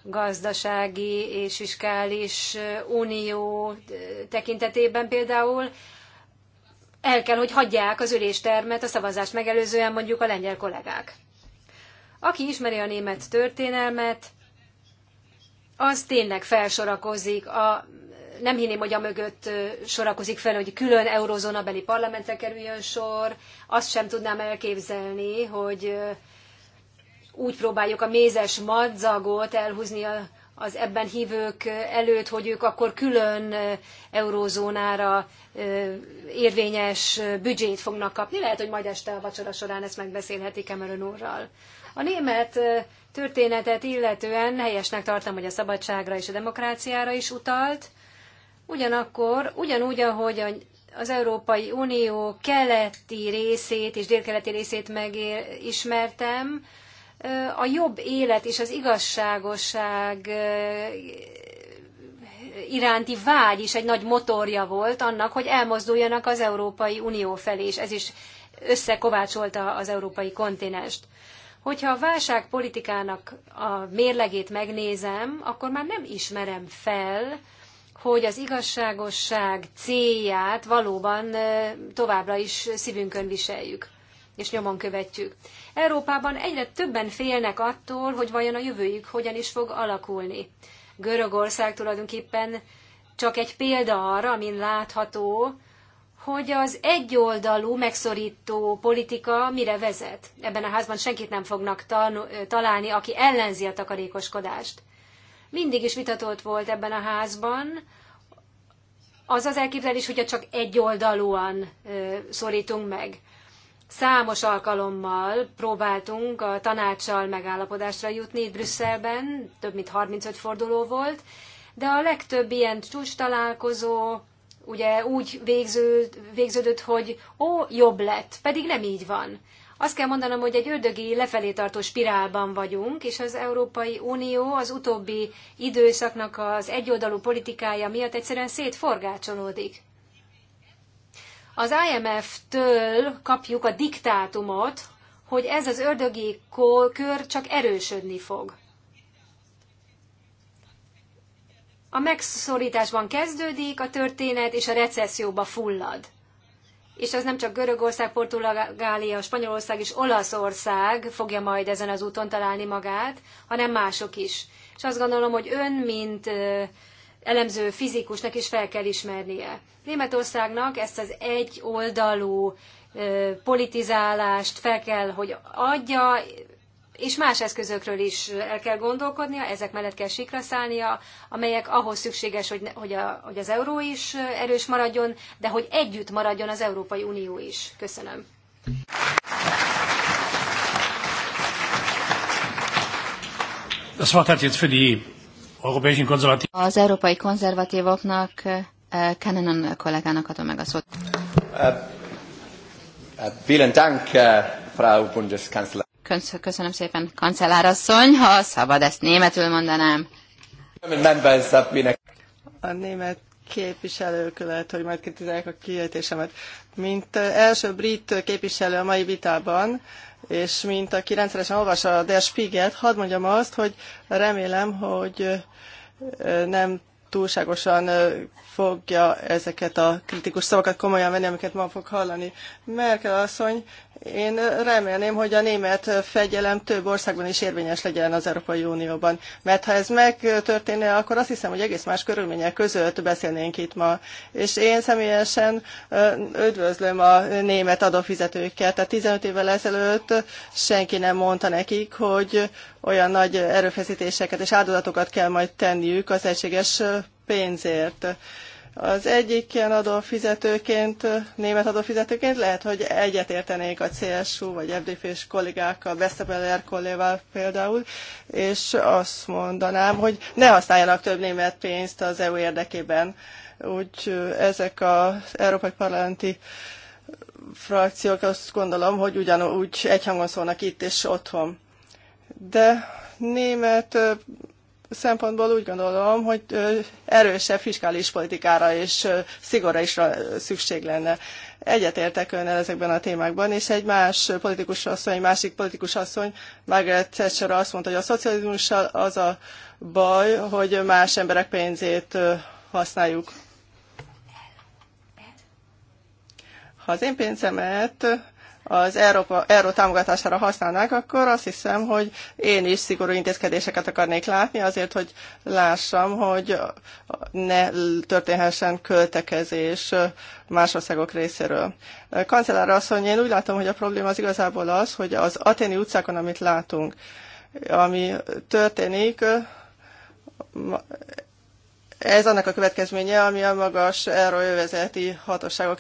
[SPEAKER 2] gazdasági és fiskális unió tekintetében például, el kell, hogy hagyják az üléstermet a szavazást megelőzően mondjuk a lengyel kollégák. Aki ismeri a német történelmet, az tényleg felsorakozik a nem hinném, hogy a mögött sorakozik fel, hogy külön eurozónabeli parlamentre kerüljön sor. Azt sem tudnám elképzelni, hogy úgy próbáljuk a mézes madzagot elhúzni a az ebben hívők előtt, hogy ők akkor külön eurózónára érvényes büdzsét fognak kapni. Lehet, hogy majd este a vacsora során ezt megbeszélheti Cameron úrral. A német történetet illetően helyesnek tartom, hogy a szabadságra és a demokráciára is utalt. Ugyanakkor, ugyanúgy, ahogy az Európai Unió keleti részét és délkeleti részét megismertem, a jobb élet és az igazságosság iránti vágy is egy nagy motorja volt annak, hogy elmozduljanak az Európai Unió felé, és ez is összekovácsolta az európai kontinest. Hogyha a válságpolitikának a mérlegét megnézem, akkor már nem ismerem fel, hogy az igazságosság célját valóban továbbra is szívünkön viseljük és nyomon követjük. Európában egyre többen félnek attól, hogy vajon a jövőjük hogyan is fog alakulni. Görögország tulajdonképpen csak egy példa arra, amin látható, hogy az egyoldalú megszorító politika mire vezet. Ebben a házban senkit nem fognak találni, aki ellenzi a takarékoskodást. Mindig is vitatott volt ebben a házban az az elképzelés, hogyha csak egyoldalúan szorítunk meg. Számos alkalommal próbáltunk a tanácssal megállapodásra jutni itt Brüsszelben, több mint 35 forduló volt, de a legtöbb ilyen csúcs találkozó ugye úgy végződött, végződött, hogy ó, jobb lett, pedig nem így van. Azt kell mondanom, hogy egy ördögi lefelé tartó spirálban vagyunk, és az Európai Unió az utóbbi időszaknak az egyoldalú politikája miatt egyszerűen szétforgácsolódik. Az IMF-től kapjuk a diktátumot, hogy ez az ördögi kör csak erősödni fog. A megszorításban kezdődik a történet, és a recesszióba fullad. És ez nem csak Görögország, Portugália, Spanyolország és Olaszország fogja majd ezen az úton találni magát, hanem mások is. És azt gondolom, hogy ön, mint elemző fizikusnak is fel kell ismernie. Németországnak ezt az egy oldalú politizálást fel kell, hogy adja, és más eszközökről is el kell gondolkodnia, ezek mellett kell sikra szállnia, amelyek ahhoz szükséges, hogy, hogy, a, hogy az euró is erős maradjon, de hogy együtt maradjon az Európai Unió is. Köszönöm.
[SPEAKER 3] Das Wort hat jetzt für die az európai konzervatívoknak Kennenon eh, kollégának adom meg a szót.
[SPEAKER 1] Eh, eh, Frau Bundeskanzler.
[SPEAKER 3] Köszönöm szépen, kancellárasszony, ha szabad
[SPEAKER 1] ezt németül mondanám. A német képviselők lehet, hogy majd kritizálják a kiejtésemet. Mint első brit képviselő a mai vitában, és mint aki rendszeresen olvassa a Der Spiegelt, hadd mondjam azt, hogy remélem, hogy nem túlságosan fogja ezeket a kritikus szavakat komolyan venni, amiket ma fog hallani. Merkel asszony, én remélném, hogy a német fegyelem több országban is érvényes legyen az Európai Unióban. Mert ha ez megtörténne, akkor azt hiszem, hogy egész más körülmények között beszélnénk itt ma. És én személyesen üdvözlöm a német adófizetőket. Tehát 15 évvel ezelőtt senki nem mondta nekik, hogy olyan nagy erőfeszítéseket és áldozatokat kell majd tenniük az egységes pénzért. Az egyik ilyen adófizetőként, német adófizetőként lehet, hogy egyetértenék a CSU vagy fdf s kollégákkal, Bessebeller kolléval például, és azt mondanám, hogy ne használjanak több német pénzt az EU érdekében. Úgy ezek az európai parlamenti frakciók azt gondolom, hogy ugyanúgy egyhangon szólnak itt és otthon de német szempontból úgy gondolom, hogy erősebb fiskális politikára és szigorra is szükség lenne. Egyetértek önnel ezekben a témákban, és egy más politikus asszony, egy másik politikus asszony, Margaret Thatcher azt mondta, hogy a szocializmussal az a baj, hogy más emberek pénzét használjuk. Ha az én pénzemet az Európa, Euró támogatására használnák, akkor azt hiszem, hogy én is szigorú intézkedéseket akarnék látni, azért, hogy lássam, hogy ne történhessen költekezés más országok részéről. Kancellár asszony, én úgy látom, hogy a probléma az igazából az, hogy az aténi utcákon, amit látunk, ami történik, ez annak a következménye, ami a magas euróövezeti hatóságok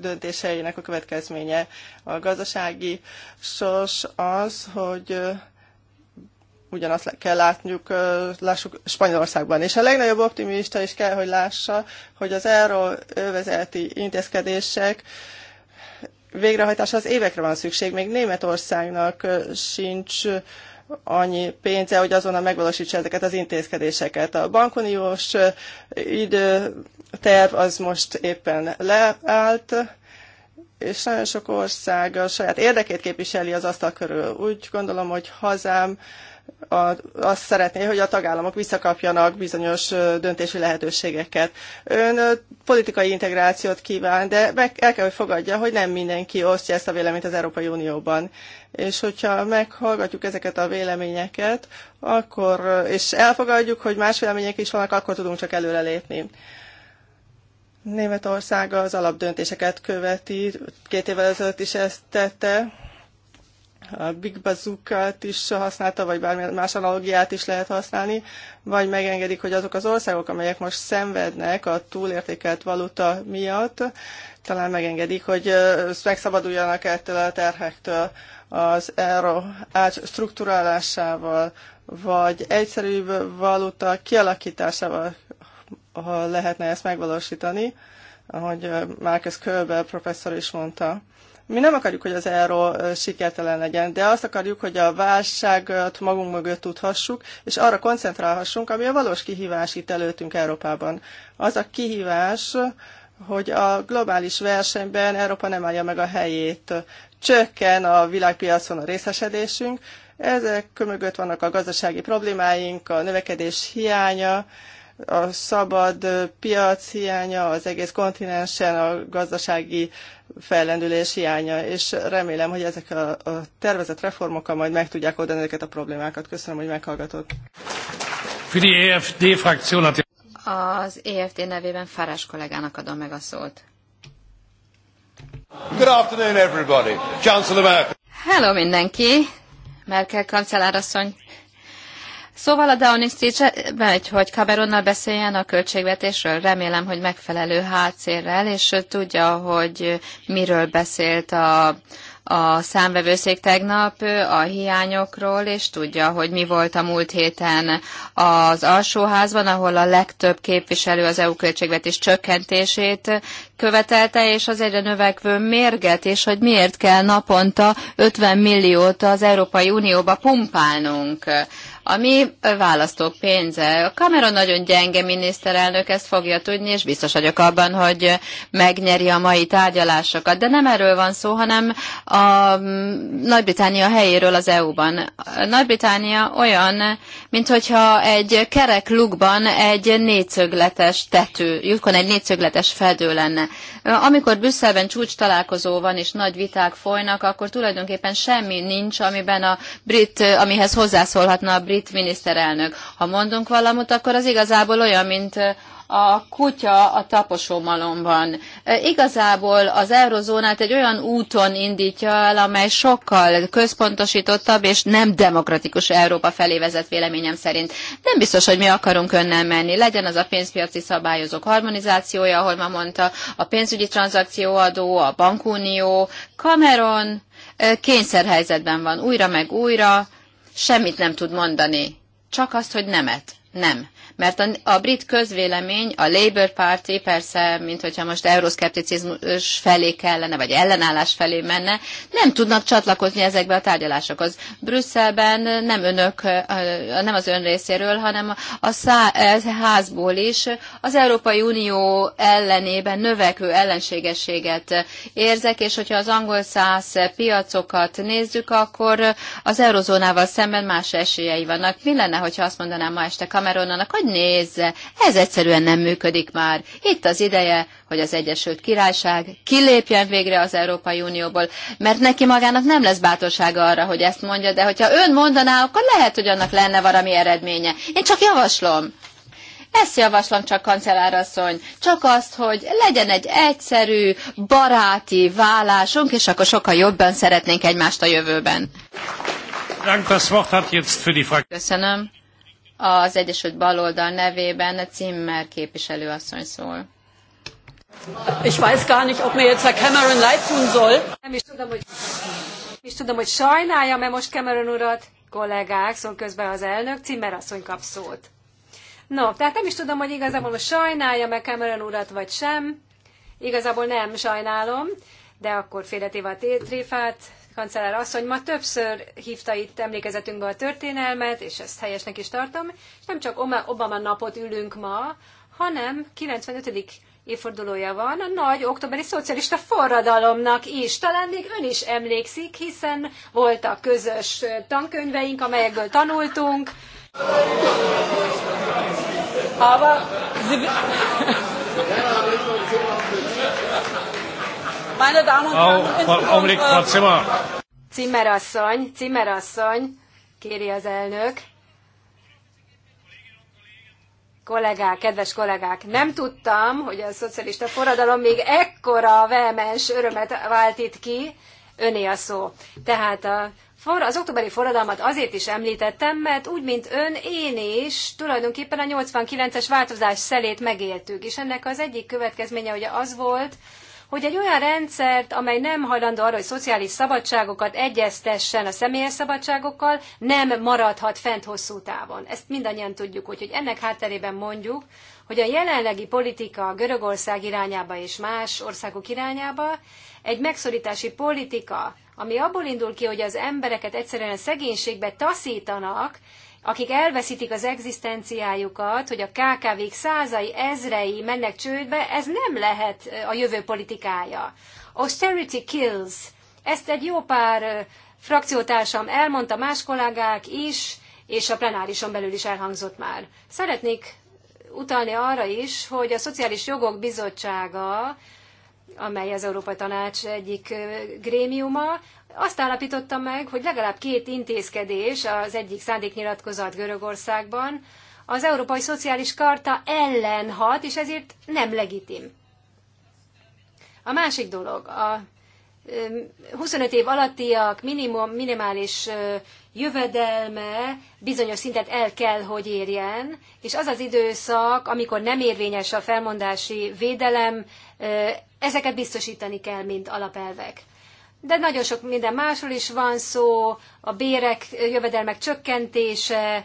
[SPEAKER 1] döntéseinek a következménye. A gazdasági sos az, hogy ugyanazt kell látniuk, lássuk Spanyolországban. És a legnagyobb optimista is kell, hogy lássa, hogy az erről övezeti intézkedések végrehajtása az évekre van szükség. Még Németországnak sincs annyi pénze, hogy azonnal megvalósítsa ezeket az intézkedéseket. A bankuniós időterv az most éppen leállt, és nagyon sok ország a saját érdekét képviseli az asztal körül. Úgy gondolom, hogy hazám a, azt szeretné, hogy a tagállamok visszakapjanak bizonyos döntési lehetőségeket. Ön politikai integrációt kíván, de meg el kell, hogy fogadja, hogy nem mindenki osztja ezt a véleményt az Európai Unióban. És hogyha meghallgatjuk ezeket a véleményeket, akkor, és elfogadjuk, hogy más vélemények is vannak, akkor tudunk csak előrelépni. Németország az alapdöntéseket követi, két évvel ezelőtt is ezt tette, a Big Bazookat is használta, vagy bármilyen más analogiát is lehet használni, vagy megengedik, hogy azok az országok, amelyek most szenvednek a túlértékelt valuta miatt, talán megengedik, hogy megszabaduljanak ettől a terhektől az euro át struktúrálásával, vagy egyszerűbb valuta kialakításával ha lehetne ezt megvalósítani, ahogy Márkez Kölbel professzor is mondta. Mi nem akarjuk, hogy az euró sikertelen legyen, de azt akarjuk, hogy a válságot magunk mögött tudhassuk, és arra koncentrálhassunk, ami a valós kihívás itt előttünk Európában. Az a kihívás, hogy a globális versenyben Európa nem állja meg a helyét. Csökken a világpiacon a részesedésünk, ezek mögött vannak a gazdasági problémáink, a növekedés hiánya, a szabad piac hiánya, az egész kontinensen a gazdasági fellendülés hiánya, és remélem, hogy ezek a, a tervezett reformokkal majd meg tudják oldani ezeket a problémákat. Köszönöm, hogy meghallgatott. E
[SPEAKER 3] az EFD nevében Fárás kollégának adom meg a szót.
[SPEAKER 1] Good afternoon, everybody. Chancellor Merkel.
[SPEAKER 3] Hello mindenki, Merkel kancellárasszony. Szóval a Downistics megy, hogy Cameronnal beszéljen a költségvetésről. Remélem, hogy megfelelő hátszérrel, és tudja, hogy miről beszélt a, a számvevőszék tegnap a hiányokról, és tudja, hogy mi volt a múlt héten az alsóházban, ahol a legtöbb képviselő az EU költségvetés csökkentését követelte, és az egyre növekvő mérget, és hogy miért kell naponta 50 milliót az Európai Unióba pumpálnunk a mi választók pénze. A Cameron nagyon gyenge miniszterelnök, ezt fogja tudni, és biztos vagyok abban, hogy megnyeri a mai tárgyalásokat. De nem erről van szó, hanem a Nagy-Británia helyéről az EU-ban. Nagy-Británia olyan, mint egy kerek lukban egy négyszögletes tető, jutkon egy négyszögletes fedő lenne. Amikor Brüsszelben csúcs találkozó van és nagy viták folynak, akkor tulajdonképpen semmi nincs, amiben a brit, amihez hozzászólhatna a brit brit miniszterelnök. Ha mondunk valamit, akkor az igazából olyan, mint a kutya a taposómalomban. Igazából az eurozónát egy olyan úton indítja el, amely sokkal központosítottabb és nem demokratikus Európa felé vezet véleményem szerint. Nem biztos, hogy mi akarunk önnel menni. Legyen az a pénzpiaci szabályozók harmonizációja, ahol ma mondta, a pénzügyi tranzakcióadó, a bankunió, Cameron kényszerhelyzetben van újra meg újra, semmit nem tud mondani, csak azt, hogy nemet, nem. Mert a, a brit közvélemény, a Labour Party persze, mint hogyha most euroszkepticizmus felé kellene, vagy ellenállás felé menne, nem tudnak csatlakozni ezekbe a tárgyalásokhoz. Brüsszelben nem önök, nem az ön részéről, hanem a szá, házból is az Európai Unió ellenében növekvő ellenségességet érzek, és hogyha az angol száz piacokat nézzük, akkor az eurozónával szemben más esélyei vannak. Mi lenne, hogyha azt mondanám ma este Cameronnak, hogy nézze, ez egyszerűen nem működik már. Itt az ideje, hogy az Egyesült Királyság kilépjen végre az Európai Unióból, mert neki magának nem lesz bátorsága arra, hogy ezt mondja, de hogyha ön mondaná, akkor lehet, hogy annak lenne valami eredménye. Én csak javaslom. Ezt javaslom csak, kancellárasszony, csak azt, hogy legyen egy egyszerű, baráti vállásunk, és akkor sokkal jobban szeretnénk egymást a jövőben. Köszönöm az Egyesült Baloldal nevében Zimmer képviselő asszony szól. Ich weiß gar nicht, ob mir jetzt Herr Cameron leid tun soll. Nem is
[SPEAKER 2] tudom, hogy, is tudom, hogy sajnálja mert most Cameron urat. Kollégák, szóval közben az elnök, Zimmer asszony kap szót. No, tehát nem is tudom, hogy igazából most sajnálja meg Cameron urat, vagy sem. Igazából nem sajnálom, de akkor félretéve a tétréfát, kancellár asszony ma többször hívta itt emlékezetünkbe a történelmet, és ezt helyesnek is tartom, és nem csak Obama napot ülünk ma, hanem 95. évfordulója van a nagy októberi szocialista forradalomnak is. Talán még ön is emlékszik, hiszen voltak közös tankönyveink, amelyekből tanultunk.
[SPEAKER 1] Aber...
[SPEAKER 3] Meine Damen und Herren, Frau, Augenblick,
[SPEAKER 1] Frau Zimmer.
[SPEAKER 2] Zimmerasszony, Zimmerasszony, kéri az elnök. Kollégák, kedves kollégák, nem tudtam, hogy a szocialista forradalom még ekkora vehemens örömet vált itt ki, öné a szó. Tehát a for, az októberi forradalmat azért is említettem, mert úgy, mint ön, én is tulajdonképpen a 89-es változás szelét megéltük, és ennek az egyik következménye ugye az volt, hogy egy olyan rendszert, amely nem hajlandó arra, hogy szociális szabadságokat egyeztessen a személyes szabadságokkal, nem maradhat fent hosszú távon. Ezt mindannyian tudjuk, úgyhogy ennek hátterében mondjuk, hogy a jelenlegi politika Görögország irányába és más országok irányába egy megszorítási politika, ami abból indul ki, hogy az embereket egyszerűen szegénységbe taszítanak, akik elveszítik az egzisztenciájukat, hogy a KKV-k százai, ezrei mennek csődbe, ez nem lehet a jövő politikája. Austerity kills. Ezt egy jó pár frakciótársam elmondta, más kollégák is, és a plenárison belül is elhangzott már. Szeretnék utalni arra is, hogy a Szociális Jogok Bizottsága, amely az Európai Tanács egyik grémiuma, azt állapította meg, hogy legalább két intézkedés az egyik szándéknyilatkozat Görögországban az Európai Szociális Karta ellen hat, és ezért nem legitim. A másik dolog, a 25 év alattiak minimum, minimális jövedelme bizonyos szintet el kell, hogy érjen, és az az időszak, amikor nem érvényes a felmondási védelem, ezeket biztosítani kell, mint alapelvek de nagyon sok minden másról is van szó, a bérek, jövedelmek csökkentése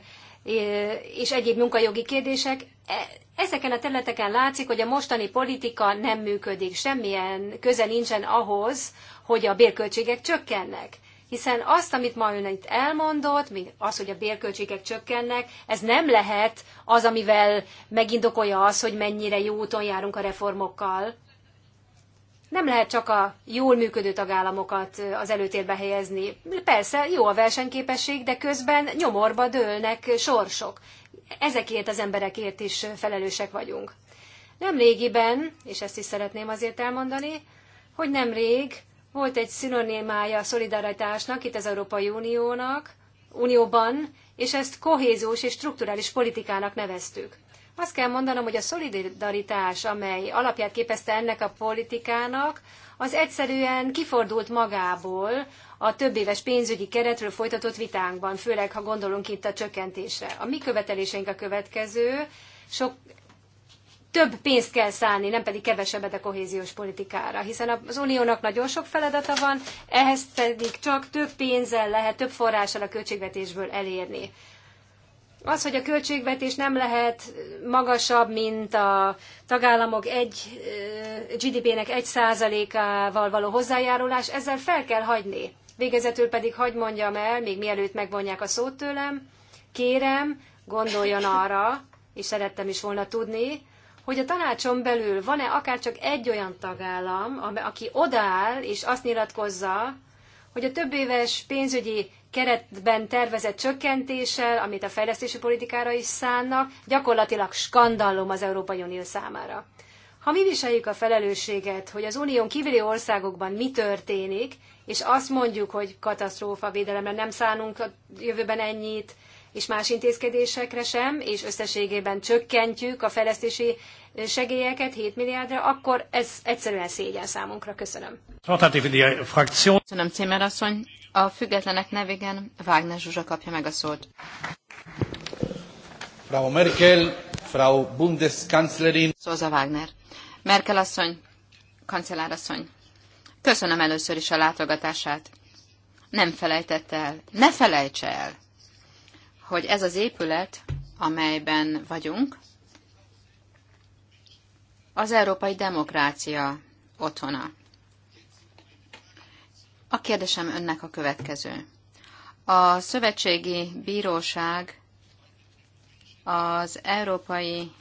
[SPEAKER 2] és egyéb munkajogi kérdések. E, ezeken a területeken látszik, hogy a mostani politika nem működik, semmilyen köze nincsen ahhoz, hogy a bérköltségek csökkennek. Hiszen azt, amit ma ön itt elmondott, az, hogy a bérköltségek csökkennek, ez nem lehet az, amivel megindokolja az, hogy mennyire jó úton járunk a reformokkal nem lehet csak a jól működő tagállamokat az előtérbe helyezni. Persze, jó a versenyképesség, de közben nyomorba dőlnek sorsok. Ezekért az emberekért is felelősek vagyunk. Nemrégiben, és ezt is szeretném azért elmondani, hogy nemrég volt egy szinonimája a szolidaritásnak itt az Európai Uniónak, Unióban, és ezt kohéziós és strukturális politikának neveztük. Azt kell mondanom, hogy a szolidaritás, amely alapját képezte ennek a politikának, az egyszerűen kifordult magából a több éves pénzügyi keretről folytatott vitánkban, főleg ha gondolunk itt a csökkentésre. A mi követeléseink a következő, sok több pénzt kell szállni, nem pedig kevesebbet a kohéziós politikára, hiszen az uniónak nagyon sok feladata van, ehhez pedig csak több pénzzel lehet, több forrással a költségvetésből elérni. Az, hogy a költségvetés nem lehet magasabb, mint a tagállamok egy GDP-nek egy százalékával való hozzájárulás, ezzel fel kell hagyni. Végezetül pedig hagy mondjam el, még mielőtt megvonják a szót tőlem, kérem, gondoljon arra, és szerettem is volna tudni, hogy a tanácson belül van-e akár csak egy olyan tagállam, aki odáll és azt nyilatkozza, hogy a több éves pénzügyi keretben tervezett csökkentéssel, amit a fejlesztési politikára is szánnak, gyakorlatilag skandallum az Európai Unió számára. Ha mi viseljük a felelősséget, hogy az unión kívüli országokban mi történik, és azt mondjuk, hogy katasztrófa védelemre nem szánunk a jövőben ennyit, és más intézkedésekre sem, és összességében csökkentjük a fejlesztési segélyeket 7 milliárdra, akkor ez egyszerűen szégyen számunkra. Köszönöm. Köszönöm,
[SPEAKER 3] Cémer asszony. A függetlenek nevigen Wagner Zsuzsa kapja meg a szót. Frau Merkel, Frau Bundeskanzlerin. Szóza szóval Wagner. Merkel asszony, asszony, köszönöm először is a látogatását. Nem felejtette el, ne felejtse el, hogy ez az épület, amelyben vagyunk, az európai demokrácia otthona. A kérdésem önnek a következő. A Szövetségi Bíróság az Európai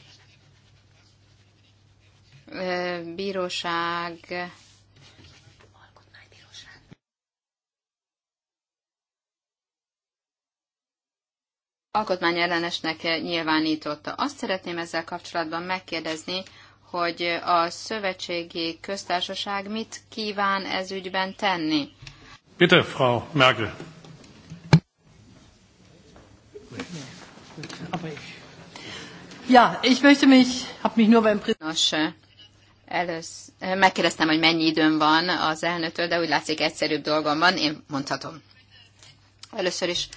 [SPEAKER 3] Bíróság alkotmányellenesnek nyilvánította. Azt szeretném ezzel kapcsolatban megkérdezni, hogy a szövetségi köztársaság mit kíván ez ügyben tenni.
[SPEAKER 1] Bitte, Frau Merkel.
[SPEAKER 3] Ja, ich möchte mich, hab mich nur beim Nos, elősz, megkérdeztem, hogy mennyi időm van az elnöktől, de úgy látszik egyszerűbb dolgom van, én mondhatom. Először is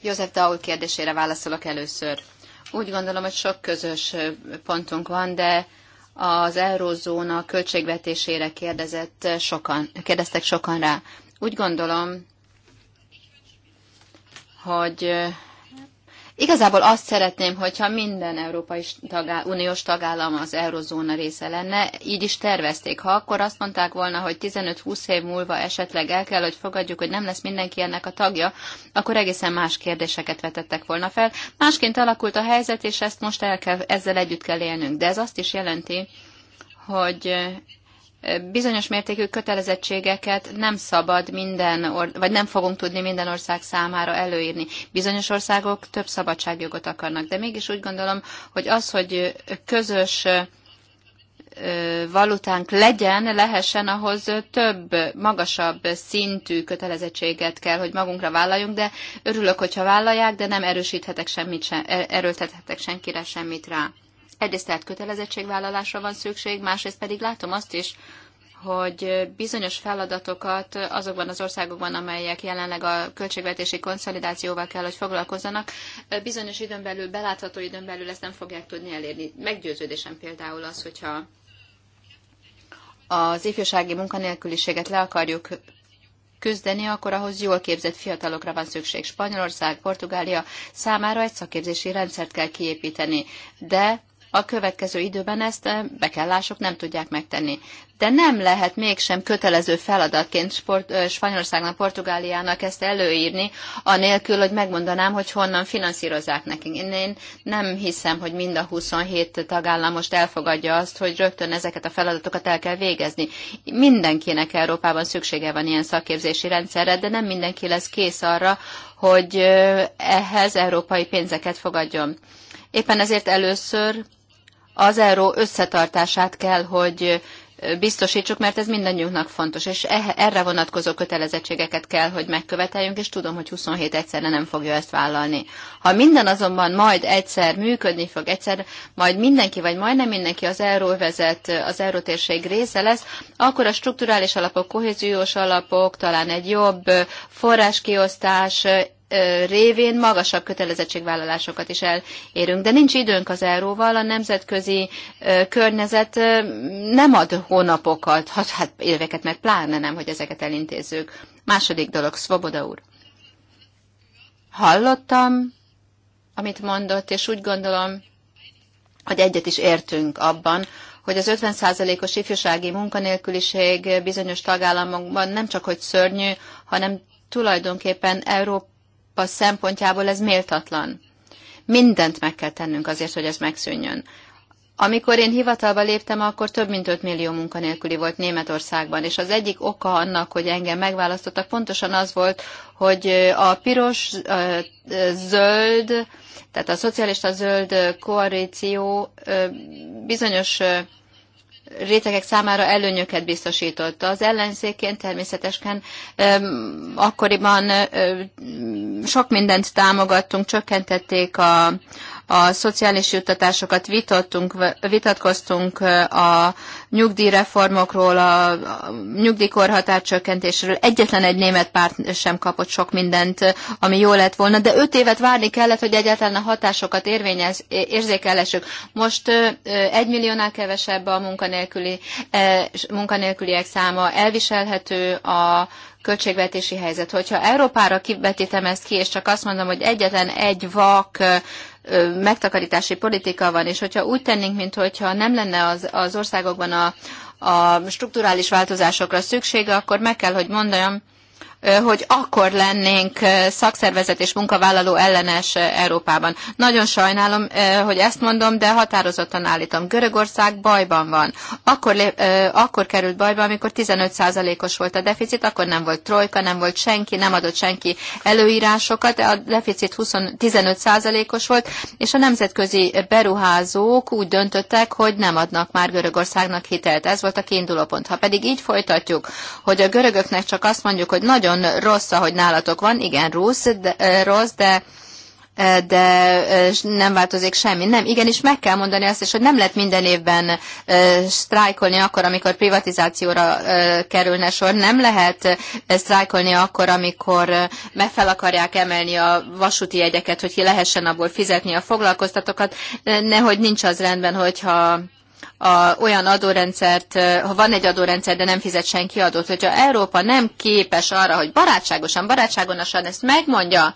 [SPEAKER 3] József Daul kérdésére válaszolok először. Úgy gondolom, hogy sok közös pontunk van, de az eurózóna költségvetésére kérdezett sokan, kérdeztek sokan rá. Úgy gondolom, hogy Igazából azt szeretném, hogyha minden Európai tagállam, Uniós tagállam az eurozóna része lenne, így is tervezték. Ha akkor azt mondták volna, hogy 15-20 év múlva esetleg el kell, hogy fogadjuk, hogy nem lesz mindenki ennek a tagja, akkor egészen más kérdéseket vetettek volna fel. Másként alakult a helyzet, és ezt most el kell, ezzel együtt kell élnünk. De ez azt is jelenti, hogy bizonyos mértékű kötelezettségeket nem szabad minden, vagy nem fogunk tudni minden ország számára előírni. Bizonyos országok több szabadságjogot akarnak, de mégis úgy gondolom, hogy az, hogy közös valutánk legyen, lehessen, ahhoz több, magasabb szintű kötelezettséget kell, hogy magunkra vállaljunk, de örülök, hogyha vállalják, de nem erősíthetek semmit sem, e-, erőltethetek senkire semmit rá. Egyrészt tehát kötelezettségvállalásra van szükség, másrészt pedig látom azt is, hogy bizonyos feladatokat azokban az országokban, amelyek jelenleg a költségvetési konszolidációval kell, hogy foglalkozzanak, bizonyos időn belül, belátható időn belül ezt nem fogják tudni elérni. Meggyőződésem például az, hogyha az ifjúsági munkanélküliséget le akarjuk küzdeni, akkor ahhoz jól képzett fiatalokra van szükség. Spanyolország, Portugália számára egy szakképzési rendszert kell kiépíteni, de a következő időben ezt eh, bekelások nem tudják megtenni. De nem lehet mégsem kötelező feladatként Sport, eh, Spanyolországnak, Portugáliának ezt előírni, anélkül, hogy megmondanám, hogy honnan finanszírozzák nekünk. Én, én nem hiszem, hogy mind a 27 tagállam most elfogadja azt, hogy rögtön ezeket a feladatokat el kell végezni. Mindenkinek Európában szüksége van ilyen szakképzési rendszerre, de nem mindenki lesz kész arra, hogy eh, ehhez európai pénzeket fogadjon. Éppen ezért először az euró összetartását kell, hogy biztosítsuk, mert ez mindannyiunknak fontos, és e, erre vonatkozó kötelezettségeket kell, hogy megköveteljünk, és tudom, hogy 27 egyszerre nem fogja ezt vállalni. Ha minden azonban majd egyszer működni fog, egyszer majd mindenki, vagy majdnem mindenki az euróvezet, az eurótérség része lesz, akkor a strukturális alapok, kohéziós alapok, talán egy jobb forráskiosztás révén magasabb kötelezettségvállalásokat is elérünk. De nincs időnk az euróval, a nemzetközi környezet nem ad hónapokat, hát, hát éveket meg pláne nem, hogy ezeket elintézzük. Második dolog, Svoboda úr. Hallottam, amit mondott, és úgy gondolom, hogy egyet is értünk abban, hogy az 50%-os ifjúsági munkanélküliség bizonyos tagállamokban nem csak hogy szörnyű, hanem tulajdonképpen Európa Európa szempontjából ez méltatlan. Mindent meg kell tennünk azért, hogy ez megszűnjön. Amikor én hivatalba léptem, akkor több mint 5 millió munkanélküli volt Németországban, és az egyik oka annak, hogy engem megválasztottak, pontosan az volt, hogy a piros, zöld, tehát a szocialista zöld koalíció bizonyos rétegek számára előnyöket biztosította. Az ellenzékén természetesen öm, akkoriban öm, sok mindent támogattunk, csökkentették a, a szociális juttatásokat vitattunk, vitatkoztunk a nyugdíjreformokról, a nyugdíjkorhatár csökkentésről. Egyetlen egy német párt sem kapott sok mindent, ami jó lett volna, de öt évet várni kellett, hogy egyáltalán a hatásokat érvényez, érzékelessük. Most egy milliónál kevesebb a munkanélküli, munkanélküliek száma, elviselhető a költségvetési helyzet. Hogyha Európára kivetítem ezt ki, és csak azt mondom, hogy egyetlen egy vak megtakarítási politika van, és hogyha úgy tennénk, mintha nem lenne az, az országokban a, a strukturális változásokra szüksége, akkor meg kell, hogy mondjam, hogy akkor lennénk szakszervezet és munkavállaló ellenes Európában. Nagyon sajnálom, hogy ezt mondom, de határozottan állítom. Görögország bajban van. Akkor, akkor került bajba, amikor 15%-os volt a deficit, akkor nem volt trojka, nem volt senki, nem adott senki előírásokat, a deficit 20, 15%-os volt, és a nemzetközi beruházók úgy döntöttek, hogy nem adnak már Görögországnak hitelt. Ez volt a kiinduló pont. Ha pedig így folytatjuk, hogy a görögöknek csak azt mondjuk, hogy nagyon nagyon rossz, ahogy nálatok van, igen, rossz, de, rossz, de de nem változik semmi. Nem, igenis meg kell mondani azt is, hogy nem lehet minden évben sztrájkolni akkor, amikor privatizációra kerülne sor. Nem lehet sztrájkolni akkor, amikor meg fel akarják emelni a vasúti jegyeket, hogy ki lehessen abból fizetni a foglalkoztatokat. Nehogy nincs az rendben, hogyha a, olyan adórendszert, ha van egy adórendszer, de nem fizet senki adót, hogyha Európa nem képes arra, hogy barátságosan, barátságosan ezt megmondja,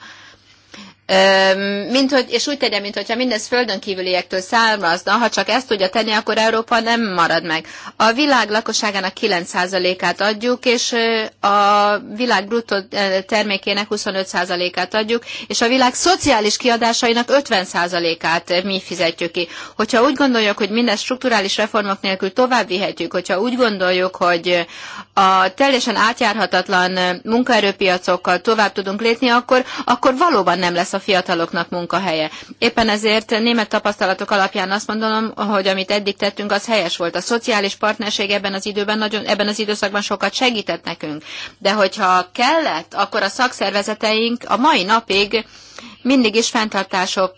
[SPEAKER 3] mint hogy, és úgy tegye, hogyha mindez földön kívüliektől származna, ha csak ezt tudja tenni, akkor Európa nem marad meg. A világ lakosságának 9%-át adjuk, és a világ bruttó termékének 25%-át adjuk, és a világ szociális kiadásainak 50%-át mi fizetjük ki. Hogyha úgy gondoljuk, hogy mindezt strukturális reformok nélkül tovább vihetjük, hogyha úgy gondoljuk, hogy a teljesen átjárhatatlan munkaerőpiacokkal tovább tudunk lépni, akkor, akkor valóban nem lesz a fiataloknak munkahelye. Éppen ezért német tapasztalatok alapján azt mondom, hogy amit eddig tettünk, az helyes volt. A szociális partnerség ebben az időben, nagyon, ebben az időszakban sokat segített nekünk. De hogyha kellett, akkor a szakszervezeteink a mai napig mindig is fenntartások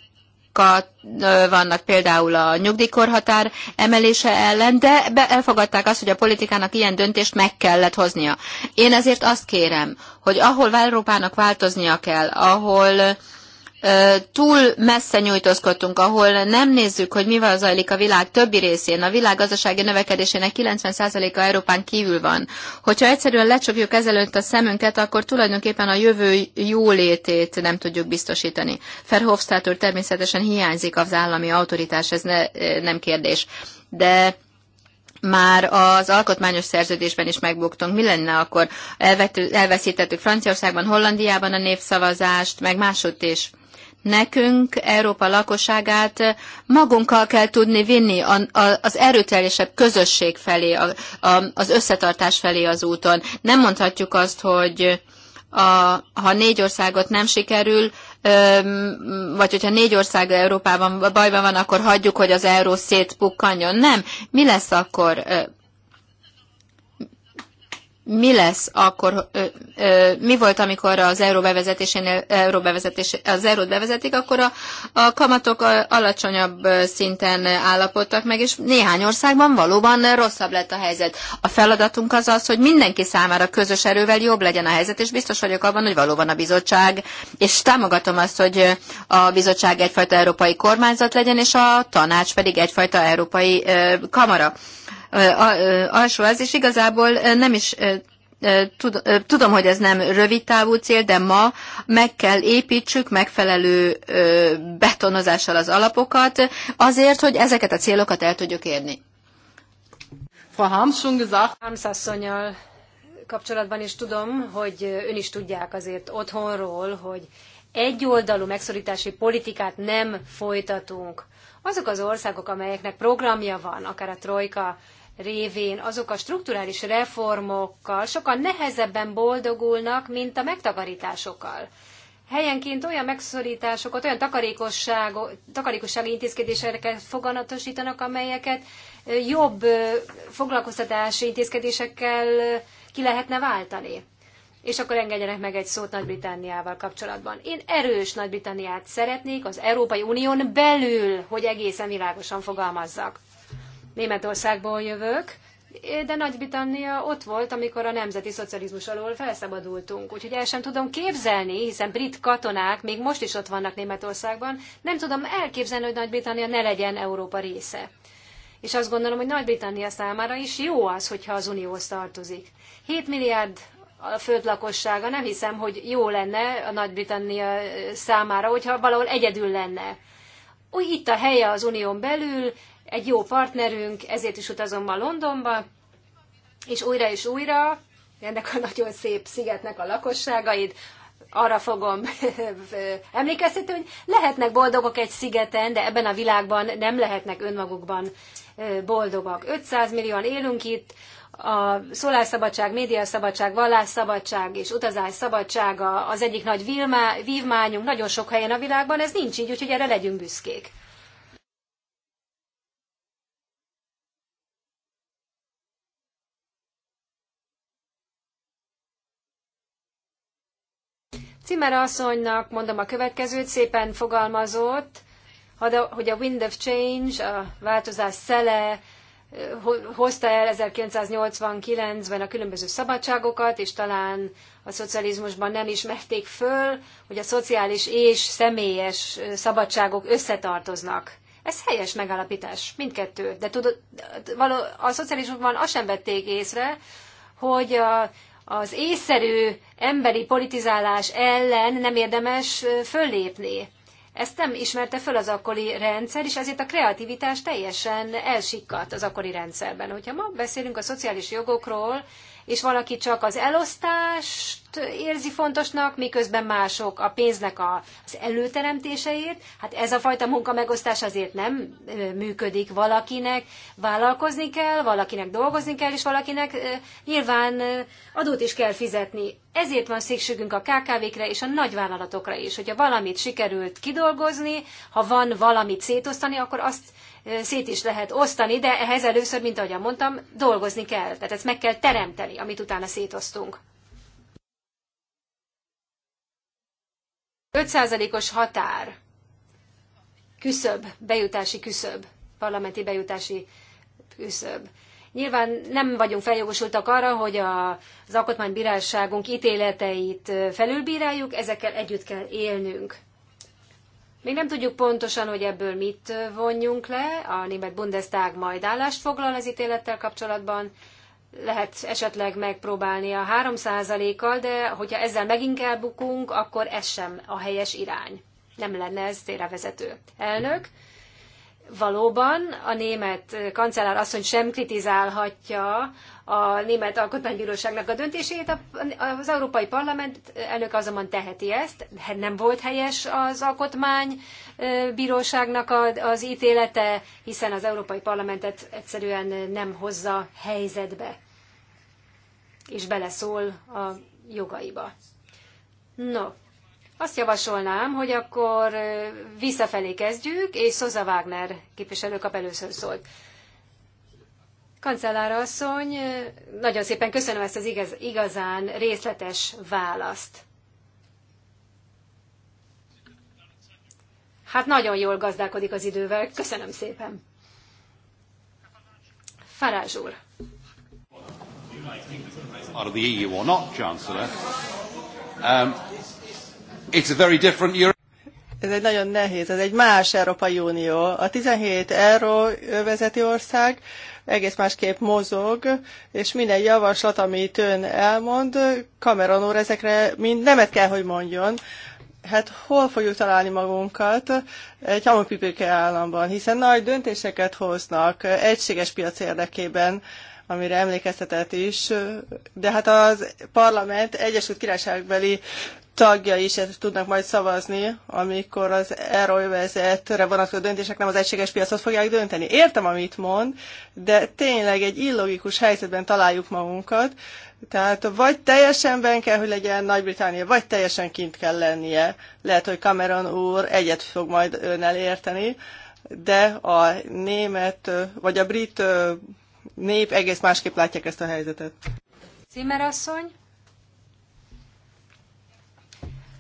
[SPEAKER 3] vannak például a nyugdíjkorhatár emelése ellen, de be elfogadták azt, hogy a politikának ilyen döntést meg kellett hoznia. Én ezért azt kérem, hogy ahol Európának változnia kell, ahol túl messze nyújtózkodtunk, ahol nem nézzük, hogy mivel zajlik a világ többi részén, a világ gazdasági növekedésének 90%-a Európán kívül van. Hogyha egyszerűen lecsopjuk ezelőtt a szemünket, akkor tulajdonképpen a jövő jólétét nem tudjuk biztosítani. Verhofstadt úr természetesen hiányzik az állami autoritás, ez ne, nem kérdés. De már az alkotmányos szerződésben is megbuktunk. Mi lenne akkor? Elvető, elveszítettük Franciaországban, Hollandiában a népszavazást, meg másutt is. Nekünk Európa lakosságát magunkkal kell tudni vinni az erőteljesebb közösség felé, az összetartás felé az úton. Nem mondhatjuk azt, hogy a, ha négy országot nem sikerül, vagy hogyha négy ország Európában bajban van, akkor hagyjuk, hogy az euró szétpukkanjon. Nem. Mi lesz akkor? mi lesz akkor, ö, ö, mi volt, amikor az euró bevezetésénél, euró bevezetés, az eurót bevezetik, akkor a, a kamatok alacsonyabb szinten állapodtak meg, és néhány országban valóban rosszabb lett a helyzet. A feladatunk az az, hogy mindenki számára közös erővel jobb legyen a helyzet, és biztos vagyok abban, hogy valóban a bizottság, és támogatom azt, hogy a bizottság egyfajta európai kormányzat legyen, és a tanács pedig egyfajta európai ö, kamara az, és igazából nem is tudom, hogy ez nem rövid távú cél, de ma meg kell építsük megfelelő betonozással az alapokat, azért, hogy ezeket a célokat el tudjuk érni. Frau Harms gesagt.
[SPEAKER 2] kapcsolatban is tudom, hogy ön is tudják azért otthonról, hogy egyoldalú megszorítási politikát nem folytatunk. Azok az országok, amelyeknek programja van, akár a Trojka révén azok a strukturális reformokkal sokkal nehezebben boldogulnak, mint a megtakarításokkal. Helyenként olyan megszorításokat, olyan takarékossági intézkedéseket foganatosítanak, amelyeket jobb foglalkoztatási intézkedésekkel ki lehetne váltani. És akkor engedjenek meg egy szót Nagy-Britanniával kapcsolatban. Én erős Nagy-Britanniát szeretnék az Európai Unión belül, hogy egészen világosan fogalmazzak. Németországból jövök, de Nagy-Britannia ott volt, amikor a nemzeti szocializmus alól felszabadultunk. Úgyhogy el sem tudom képzelni, hiszen brit katonák még most is ott vannak Németországban, nem tudom elképzelni, hogy Nagy-Britannia ne legyen Európa része. És azt gondolom, hogy Nagy-Britannia számára is jó az, hogyha az Unióhoz tartozik. 7 milliárd a föld lakossága, nem hiszem, hogy jó lenne a Nagy-Britannia számára, hogyha valahol egyedül lenne. Úgy itt a helye az unión belül, egy jó partnerünk, ezért is utazom ma Londonba, és újra és újra, ennek a nagyon szép szigetnek a lakosságaid, arra fogom emlékeztetni, hogy lehetnek boldogok egy szigeten, de ebben a világban nem lehetnek önmagukban boldogak. 500 millióan élünk itt, a szólásszabadság, médiaszabadság, vallásszabadság és utazás szabadsága az egyik nagy vívmányunk nagyon sok helyen a világban, ez nincs így, úgyhogy erre legyünk büszkék. Cimmer asszonynak mondom a következőt, szépen fogalmazott, hogy a Wind of Change, a változás szele eh, hozta el 1989-ben a különböző szabadságokat, és talán a szocializmusban nem ismerték föl, hogy a szociális és személyes eh, szabadságok összetartoznak. Ez helyes megállapítás, mindkettő. De tudod, a szocializmusban azt sem vették észre, hogy a, az észszerű emberi politizálás ellen nem érdemes föllépni. Ezt nem ismerte föl az akkori rendszer, és ezért a kreativitás teljesen elsikkadt az akkori rendszerben. Hogyha ma beszélünk a szociális jogokról, és van, aki csak az elosztást érzi fontosnak, miközben mások a pénznek az előteremtéseért. Hát ez a fajta munka megosztás azért nem működik. Valakinek vállalkozni kell, valakinek dolgozni kell, és valakinek nyilván adót is kell fizetni. Ezért van szükségünk a KKV-kre és a nagyvállalatokra is. Hogyha valamit sikerült kidolgozni, ha van valamit szétosztani, akkor azt szét is lehet osztani, de ehhez először, mint ahogyan mondtam, dolgozni kell. Tehát ezt meg kell teremteni, amit utána szétosztunk. 5%-os határ, küszöb, bejutási küszöb, parlamenti bejutási küszöb. Nyilván nem vagyunk feljogosultak arra, hogy a, az alkotmánybírásságunk ítéleteit felülbíráljuk, ezekkel együtt kell élnünk. Még nem tudjuk pontosan, hogy ebből mit vonjunk le. A német Bundestag majd állást foglal az ítélettel kapcsolatban. Lehet esetleg megpróbálni a 3%-kal, de hogyha ezzel megint elbukunk, akkor ez sem a helyes irány. Nem lenne ez vezető Elnök, valóban a német kancellár asszony sem kritizálhatja a Német Alkotmánybíróságnak a döntését. Az Európai Parlament elnök azonban teheti ezt, nem volt helyes az Alkotmánybíróságnak az ítélete, hiszen az Európai Parlamentet egyszerűen nem hozza helyzetbe,
[SPEAKER 1] és beleszól
[SPEAKER 2] a jogaiba. No, azt javasolnám, hogy akkor visszafelé kezdjük, és Szoza Wagner képviselő kap először szólt. Kancellár asszony, nagyon szépen köszönöm ezt az igaz, igazán részletes választ. Hát nagyon jól gazdálkodik az idővel. Köszönöm szépen. Farázs
[SPEAKER 1] úr. Out of the EU or not, Chancellor. Um, it's a very different Europe. Ez egy nagyon nehéz, ez egy más Európai Unió. A 17 euró vezeti ország, egész másképp mozog, és minden javaslat, amit ön elmond, Cameron úr ezekre mind nemet kell, hogy mondjon. Hát hol fogjuk találni magunkat egy hamupipőke államban, hiszen nagy döntéseket hoznak egységes piac érdekében, amire emlékeztetett is, de hát az parlament Egyesült Királyságbeli tagja is tudnak majd szavazni, amikor az euróvezetre vonatkozó döntések nem az egységes piacot fogják dönteni. Értem, amit mond, de tényleg egy illogikus helyzetben találjuk magunkat, tehát vagy teljesen benne kell, hogy legyen nagy británia vagy teljesen kint kell lennie. Lehet, hogy Cameron úr egyet fog majd önnel érteni, de a német, vagy a brit nép egész másképp látják ezt a helyzetet.
[SPEAKER 2] Cimerasszony?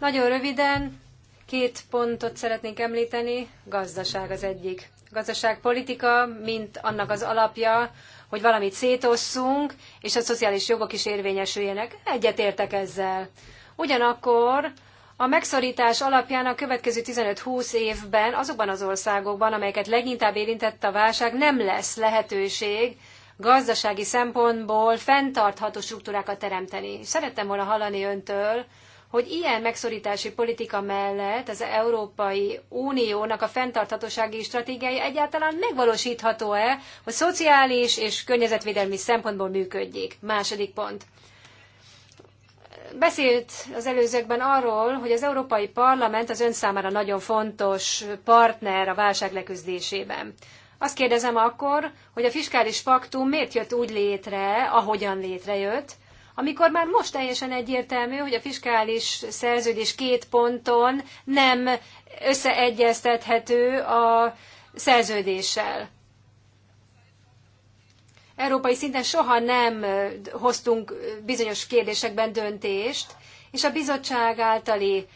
[SPEAKER 2] Nagyon röviden két pontot szeretnék említeni. Gazdaság az egyik. Gazdaságpolitika, mint annak az alapja, hogy valamit szétosszunk, és a szociális jogok is érvényesüljenek. Egyetértek ezzel. Ugyanakkor a megszorítás alapján a következő 15-20 évben azokban az országokban, amelyeket leginkább érintett a válság, nem lesz lehetőség gazdasági szempontból fenntartható struktúrákat teremteni. Szerettem volna hallani öntől, hogy ilyen megszorítási politika mellett az Európai Uniónak a fenntarthatósági stratégiája egyáltalán megvalósítható-e, hogy szociális és környezetvédelmi szempontból működjék. Második pont. Beszélt az előzőkben arról, hogy az Európai Parlament az ön számára nagyon fontos partner a válság leküzdésében. Azt kérdezem akkor, hogy a fiskális paktum miért jött úgy létre, ahogyan létrejött, amikor már most teljesen egyértelmű, hogy a fiskális szerződés két ponton nem összeegyeztethető a szerződéssel. Európai szinten soha nem hoztunk bizonyos kérdésekben döntést, és a bizottság általi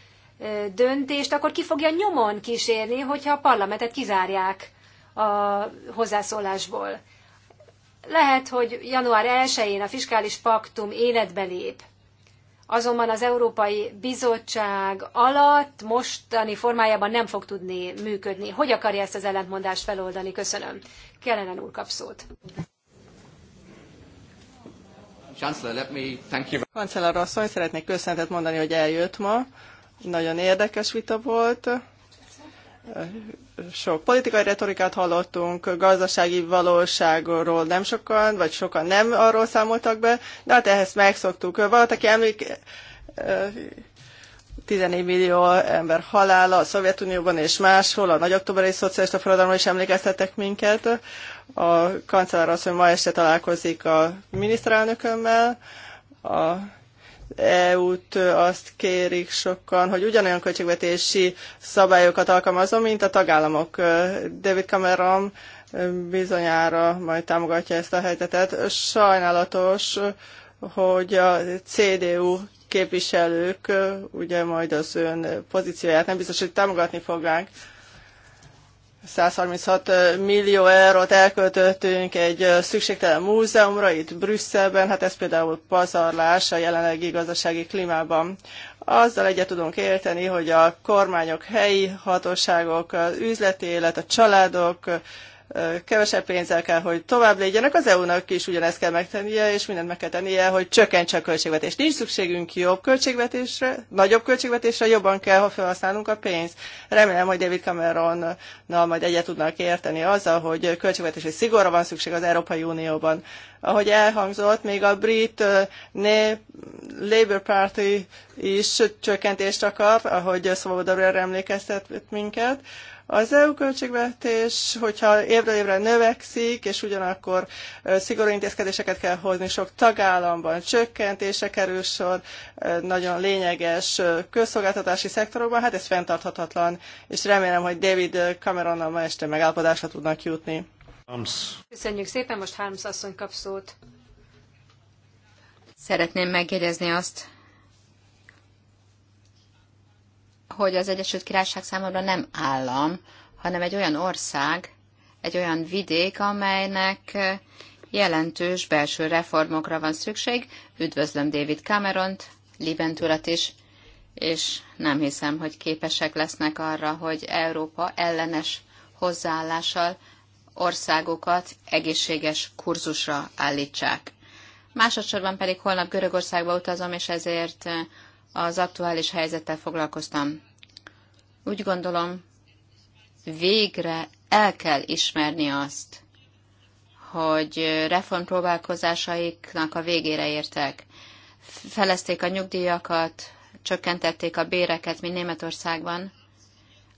[SPEAKER 2] döntést akkor ki fogja nyomon kísérni, hogyha a parlamentet kizárják a hozzászólásból. Lehet, hogy január 1-én a fiskális paktum életbe lép, azonban az Európai Bizottság alatt mostani formájában nem fog tudni működni. Hogy akarja ezt az ellentmondást feloldani? Köszönöm. Kellenen úr kap szót.
[SPEAKER 1] Kancellár asszony, szeretnék köszönetet mondani, hogy eljött ma. Nagyon érdekes vita volt sok politikai retorikát hallottunk, gazdasági valóságról nem sokan, vagy sokan nem arról számoltak be, de hát ehhez megszoktuk. aki emlék, 14 eh, millió ember halála a Szovjetunióban és máshol, a nagy októberi szocialista forradalomra is emlékeztettek minket. A kancellár hogy ma este találkozik a miniszterelnökömmel, a EU-t azt kérik sokan, hogy ugyanolyan költségvetési szabályokat alkalmazom, mint a tagállamok. David Cameron bizonyára majd támogatja ezt a helyzetet. Sajnálatos, hogy a CDU képviselők ugye majd az ön pozícióját nem biztos, hogy támogatni fogják, 136 millió eurót elköltöttünk egy szükségtelen múzeumra itt Brüsszelben, hát ez például pazarlás a jelenlegi gazdasági klímában. Azzal egyet tudunk érteni, hogy a kormányok, helyi hatóságok, az üzleti élet, a családok, kevesebb pénzzel kell, hogy tovább légyenek. Az EU-nak is ugyanezt kell megtennie, és mindent meg kell tennie, hogy csökkentse a költségvetést. Nincs szükségünk jobb költségvetésre, nagyobb költségvetésre, jobban kell, ha felhasználunk a pénzt. Remélem, hogy David Cameron na, majd egyet tudnak érteni azzal, hogy költségvetési szigorra van szükség az Európai Unióban. Ahogy elhangzott, még a brit né, Labour Party is csökkentést akar, ahogy Szabadon emlékeztet minket az EU költségvetés, hogyha évről évre növekszik, és ugyanakkor szigorú intézkedéseket kell hozni, sok tagállamban csökkentése kerül sor, nagyon lényeges közszolgáltatási szektorokban, hát ez fenntarthatatlan, és remélem, hogy David Cameronnal ma este megállapodásra tudnak jutni.
[SPEAKER 2] Köszönjük szépen, most Harms asszony kap
[SPEAKER 3] szót. Szeretném megjegyezni azt, hogy az Egyesült Királyság számomra nem állam, hanem egy olyan ország, egy olyan vidék, amelynek eh, jelentős belső reformokra van szükség. Üdvözlöm David Cameront, Libent is, és nem hiszem, hogy képesek lesznek arra, hogy Európa ellenes hozzáállással országokat egészséges kurzusra állítsák. Másodszorban pedig holnap Görögországba utazom, és ezért eh, az aktuális helyzettel foglalkoztam. Úgy gondolom, végre el kell ismerni azt, hogy reformpróbálkozásaiknak a végére értek. Felezték a nyugdíjakat, csökkentették a béreket, mint Németországban.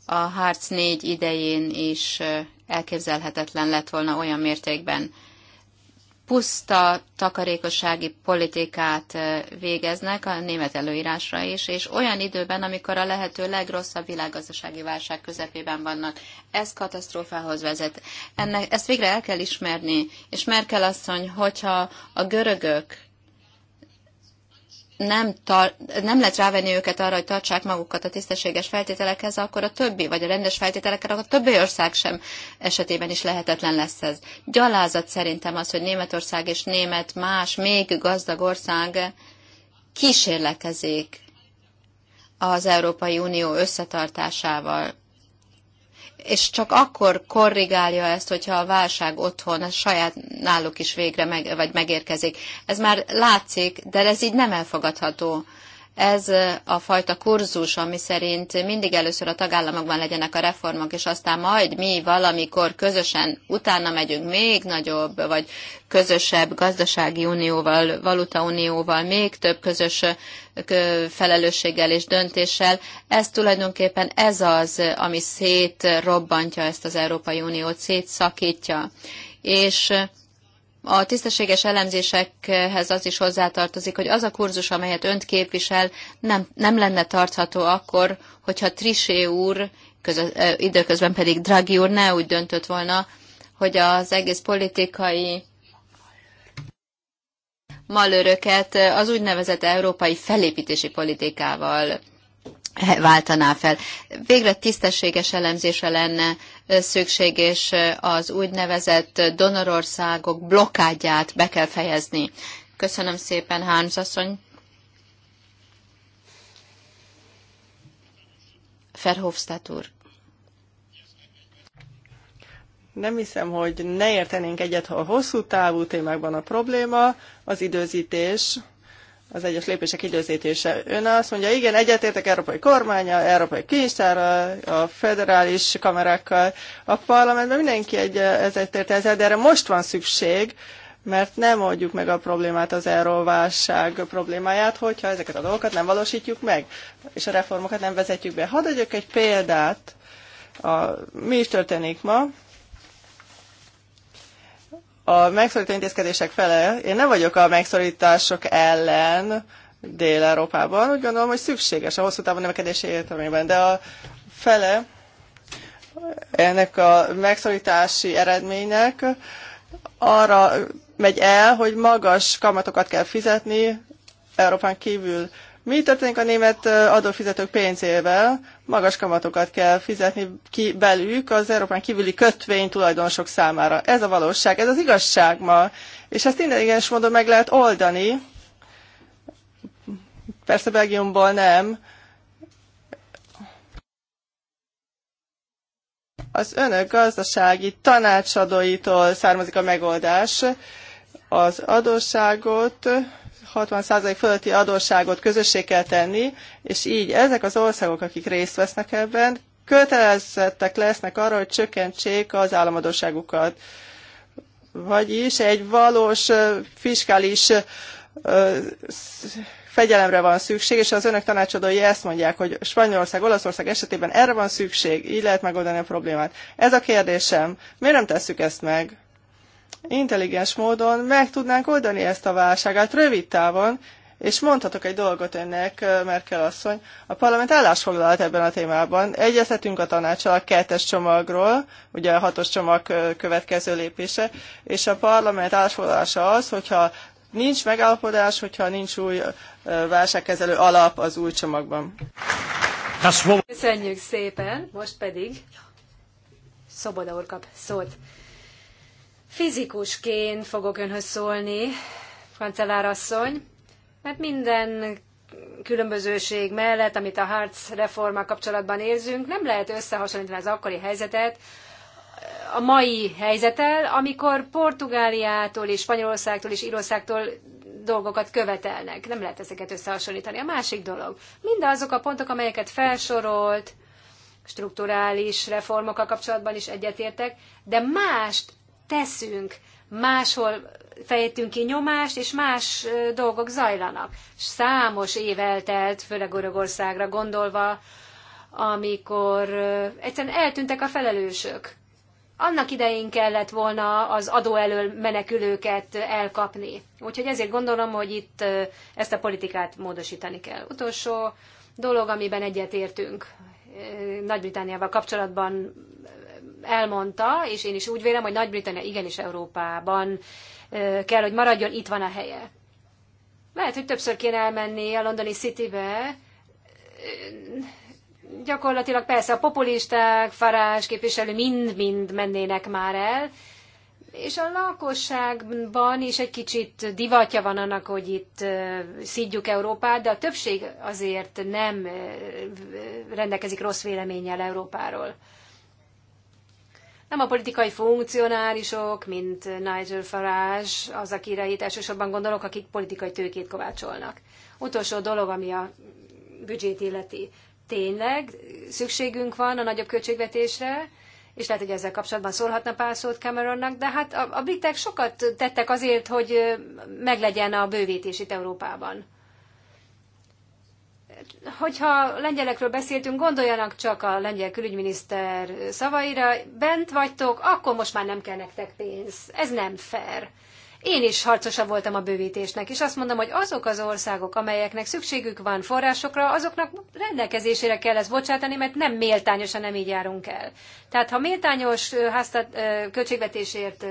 [SPEAKER 3] A Harc 4 idején is elképzelhetetlen lett volna olyan mértékben puszta takarékossági politikát végeznek a német előírásra is, és olyan időben, amikor a lehető legrosszabb világgazdasági válság közepében vannak. Ez katasztrófához vezet. Ennek, ezt végre el kell ismerni, és Merkel asszony, hogyha a görögök nem, nem lehet rávenni őket arra, hogy tartsák magukat a tisztességes feltételekhez, akkor a többi, vagy a rendes feltételekhez akkor a többi ország sem esetében is lehetetlen lesz ez. Gyalázat szerintem az, hogy Németország és német más, még gazdag ország kísérletezik az Európai Unió összetartásával és csak akkor korrigálja ezt, hogyha a válság otthon a saját náluk is végre meg, vagy megérkezik. Ez már látszik, de ez így nem elfogadható. Ez a fajta kurzus, ami szerint mindig először a tagállamokban legyenek a reformok, és aztán majd mi valamikor közösen utána megyünk még nagyobb, vagy közösebb gazdasági unióval, valutaunióval, még több közös felelősséggel és döntéssel. Ez tulajdonképpen ez az, ami szétrobbantja ezt az Európai Uniót, szétszakítja. És a tisztességes elemzésekhez az is hozzátartozik, hogy az a kurzus, amelyet önt képvisel, nem, nem lenne tartható akkor, hogyha Trisé úr, közö, időközben pedig Draghi úr ne úgy döntött volna, hogy az egész politikai malöröket az úgynevezett európai felépítési politikával váltaná fel. Végre tisztességes elemzése lenne szükség, és az úgynevezett donorországok blokádját be kell fejezni. Köszönöm szépen, Hánz asszony.
[SPEAKER 1] úr. Nem hiszem, hogy ne értenénk egyet, ha a hosszú távú témákban a probléma, az időzítés, az egyes lépések időzítése. Ön azt mondja, igen, egyetértek európai kormánya, európai kincstárral, a federális kamerákkal, a parlamentben mindenki egy, ez egyetért ezzel, de erre most van szükség, mert nem oldjuk meg a problémát, az elroválság problémáját, hogyha ezeket a dolgokat nem valósítjuk meg, és a reformokat nem vezetjük be. Hadd adjak egy példát, a, mi is történik ma, a megszorító intézkedések fele, én nem vagyok a megszorítások ellen Dél-Európában, úgy gondolom, hogy szükséges a hosszú távú növekedés értelmében, de a fele ennek a megszorítási eredménynek arra megy el, hogy magas kamatokat kell fizetni Európán kívül mi történik a német adófizetők pénzével? Magas kamatokat kell fizetni ki belük az Európán kívüli kötvény tulajdonosok számára. Ez a valóság, ez az igazság ma. És ezt intelligens módon meg lehet oldani. Persze Belgiumból nem. Az önök gazdasági tanácsadóitól származik a megoldás. Az adósságot 60% fölötti adósságot közössé kell tenni, és így ezek az országok, akik részt vesznek ebben, kötelezettek lesznek arra, hogy csökkentsék az államadóságukat. Vagyis egy valós fiskális fegyelemre van szükség, és az önök tanácsadói ezt mondják, hogy Spanyolország, Olaszország esetében erre van szükség, így lehet megoldani a problémát. Ez a kérdésem. Miért nem tesszük ezt meg? intelligens módon meg tudnánk oldani ezt a válságát rövid távon, és mondhatok egy dolgot önnek, Merkel asszony, a parlament állásfoglalat ebben a témában. Egyeztetünk a tanácsal a kettes csomagról, ugye a hatos csomag következő lépése, és a parlament állásfoglalása az, hogyha nincs megállapodás, hogyha nincs új válságkezelő alap az új csomagban.
[SPEAKER 2] Köszönjük szépen, most pedig Szoboda úr kap szót. Fizikusként fogok önhöz szólni, asszony, mert minden különbözőség mellett, amit a Hartz reforma kapcsolatban érzünk, nem lehet összehasonlítani az akkori helyzetet a mai helyzettel, amikor Portugáliától és Spanyolországtól és Írországtól dolgokat követelnek. Nem lehet ezeket összehasonlítani. A másik dolog, mindazok a pontok, amelyeket felsorolt, strukturális reformokkal kapcsolatban is egyetértek, de mást teszünk, máshol fejtünk ki nyomást, és más dolgok zajlanak. Számos év eltelt, főleg Görögországra gondolva, amikor egyszerűen eltűntek a felelősök. Annak idején kellett volna az adó elől menekülőket elkapni. Úgyhogy ezért gondolom, hogy itt ezt a politikát módosítani kell. Utolsó dolog, amiben egyetértünk. Nagy-Britániával kapcsolatban elmondta, és én is úgy vélem, hogy Nagy-Britannia igenis Európában kell, hogy maradjon, itt van a helye. Lehet, hogy többször kéne elmenni a londoni Citybe. Gyakorlatilag persze a populisták, farás képviselő mind-mind mennének már el, és a lakosságban is egy kicsit divatja van annak, hogy itt szidjuk Európát, de a többség azért nem rendelkezik rossz véleménnyel Európáról. Nem a politikai funkcionárisok, mint Nigel Farage, az, akire itt elsősorban gondolok, akik politikai tőkét kovácsolnak. Utolsó dolog, ami a büdzsét illeti. Tényleg szükségünk van a nagyobb költségvetésre, és lehet, hogy ezzel kapcsolatban szólhatna pár szót Cameronnak, de hát a, a britek sokat tettek azért, hogy meglegyen a bővítés itt Európában hogyha lengyelekről beszéltünk, gondoljanak csak a lengyel külügyminiszter szavaira, bent vagytok, akkor most már nem kell nektek pénz. Ez nem fair. Én is harcosa voltam a bővítésnek, és azt mondom, hogy azok az országok, amelyeknek szükségük van forrásokra, azoknak rendelkezésére kell ezt bocsátani, mert nem méltányosan nem így járunk el. Tehát ha méltányos háztat, költségvetésért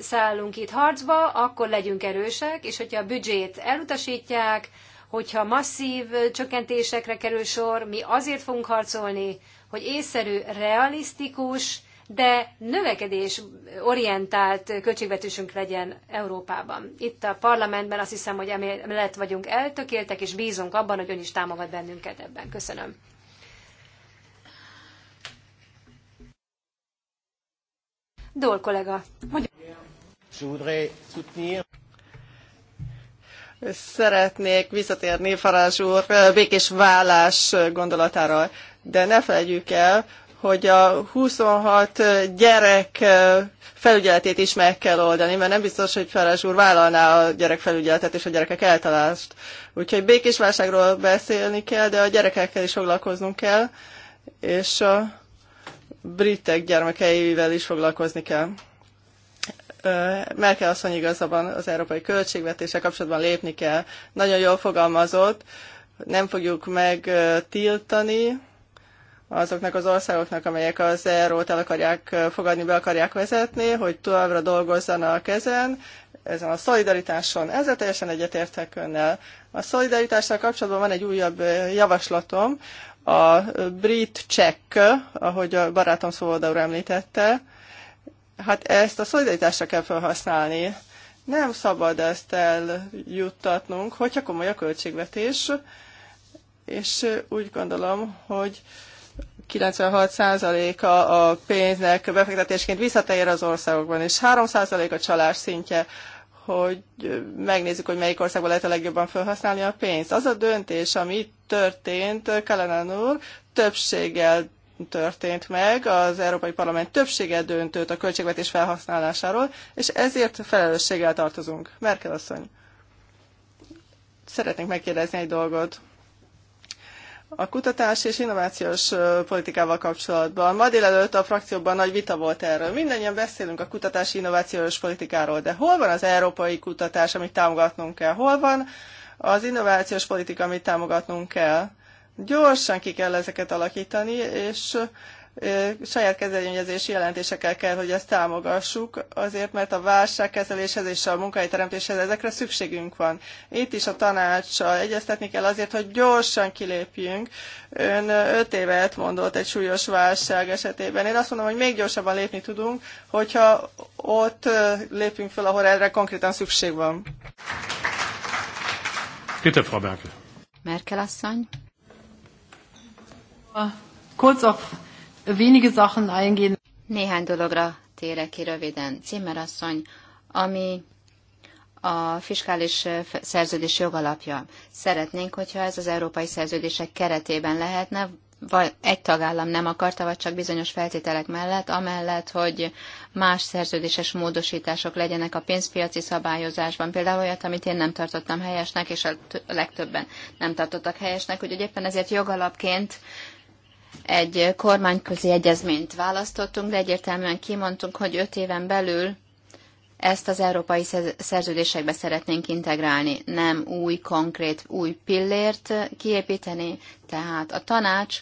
[SPEAKER 2] szállunk itt harcba, akkor legyünk erősek, és hogyha a büdzsét elutasítják, hogyha masszív csökkentésekre kerül sor, mi azért fogunk harcolni, hogy észszerű, realisztikus, de növekedés orientált költségvetésünk legyen Európában. Itt a parlamentben azt hiszem, hogy emellett vagyunk eltökéltek, és bízunk abban, hogy ön is támogat bennünket ebben. Köszönöm.
[SPEAKER 1] Dól kollega. Magyar... Szeretnék visszatérni Farázs úr békés vállás gondolatára, de ne felejtjük el, hogy a 26 gyerek felügyeletét is meg kell oldani, mert nem biztos, hogy Farázs úr vállalná a gyerek felügyeletet és a gyerekek eltalást. Úgyhogy békés válságról beszélni kell, de a gyerekekkel is foglalkoznunk kell, és a britek gyermekeivel is foglalkozni kell. Merkel asszony igazabban az európai költségvetése kapcsolatban lépni kell. Nagyon jól fogalmazott, nem fogjuk megtiltani azoknak az országoknak, amelyek az eurót el akarják fogadni, be akarják vezetni, hogy továbbra dolgozzanak ezen, ezen a szolidaritáson. Ezzel teljesen egyetértek önnel. A szolidaritással kapcsolatban van egy újabb javaslatom, a brit check, ahogy a barátom Szóvoda úr említette, hát ezt a szolidaritásra kell felhasználni. Nem szabad ezt eljuttatnunk, hogyha komoly a költségvetés, és úgy gondolom, hogy 96%-a a pénznek befektetésként visszatér az országokban, és 3% a csalás szintje, hogy megnézzük, hogy melyik országban lehet a legjobban felhasználni a pénzt. Az a döntés, ami történt, Kalanán úr, többséggel történt meg, az Európai Parlament többsége döntött a költségvetés felhasználásáról, és ezért felelősséggel tartozunk. Merkel asszony, szeretnék megkérdezni egy dolgot. A kutatás és innovációs politikával kapcsolatban. Ma délelőtt a frakcióban nagy vita volt erről. Mindennyian beszélünk a kutatási innovációs politikáról, de hol van az európai kutatás, amit támogatnunk kell? Hol van az innovációs politika, amit támogatnunk kell? Gyorsan ki kell ezeket alakítani, és saját kezdeményezési jelentésekkel kell, hogy ezt támogassuk, azért mert a válságkezeléshez és a munkahelyteremtéshez ezekre szükségünk van. Itt is a tanácssal egyeztetni kell azért, hogy gyorsan kilépjünk. Ön öt évet mondott egy súlyos válság esetében. Én azt mondom, hogy még gyorsabban lépni tudunk, hogyha ott lépünk fel, ahol erre konkrétan szükség van. Bitte, Frau Merkel.
[SPEAKER 3] Merkel asszony. Äh, kurz auf wenige Sachen eingehen. Néhány dologra térek ki röviden. Címerasszony, ami a fiskális szerződés jogalapja. Szeretnénk, hogyha ez az európai szerződések keretében lehetne, vagy egy tagállam nem akarta, vagy csak bizonyos feltételek mellett, amellett, hogy más szerződéses módosítások legyenek a pénzpiaci szabályozásban. Például olyat, amit én nem tartottam helyesnek, és a legtöbben nem tartottak helyesnek, hogy éppen ezért jogalapként egy kormányközi egyezményt választottunk, de egyértelműen kimondtunk, hogy öt éven belül ezt az európai szerződésekbe szeretnénk integrálni, nem új, konkrét, új pillért kiépíteni. Tehát a tanács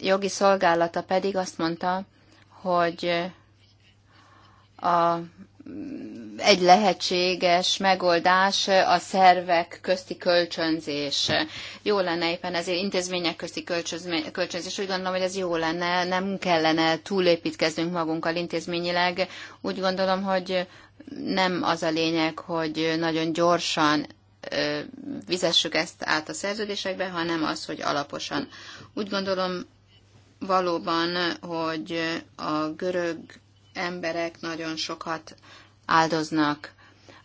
[SPEAKER 3] jogi szolgálata pedig azt mondta, hogy a egy lehetséges megoldás a szervek közti kölcsönzés. Jó lenne éppen ezért intézmények közti kölcsönzés. Úgy gondolom, hogy ez jó lenne, nem kellene túlépítkeznünk magunkkal intézményileg. Úgy gondolom, hogy nem az a lényeg, hogy nagyon gyorsan vizessük ezt át a szerződésekbe, hanem az, hogy alaposan. Úgy gondolom valóban, hogy a görög emberek nagyon sokat áldoznak.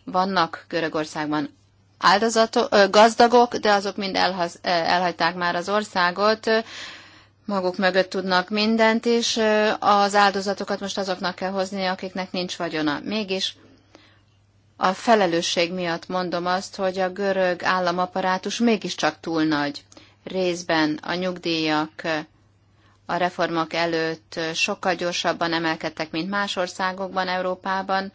[SPEAKER 3] Vannak Görögországban áldozatok, gazdagok, de azok mind elhaz, elhagyták már az országot. Maguk mögött tudnak mindent, és az áldozatokat most azoknak kell hozni, akiknek nincs vagyona. Mégis a felelősség miatt mondom azt, hogy a görög államaparátus mégiscsak túl nagy. Részben a nyugdíjak a reformok előtt sokkal gyorsabban emelkedtek, mint más országokban Európában.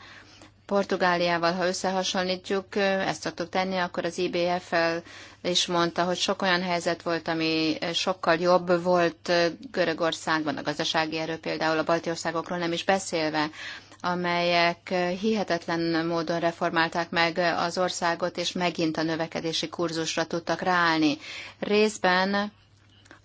[SPEAKER 3] Portugáliával, ha összehasonlítjuk, ezt szoktuk tenni, akkor az IBF-el is mondta, hogy sok olyan helyzet volt, ami sokkal jobb volt Görögországban, a gazdasági erő például a balti országokról nem is beszélve, amelyek hihetetlen módon reformálták meg az országot, és megint a növekedési kurzusra tudtak ráállni. Részben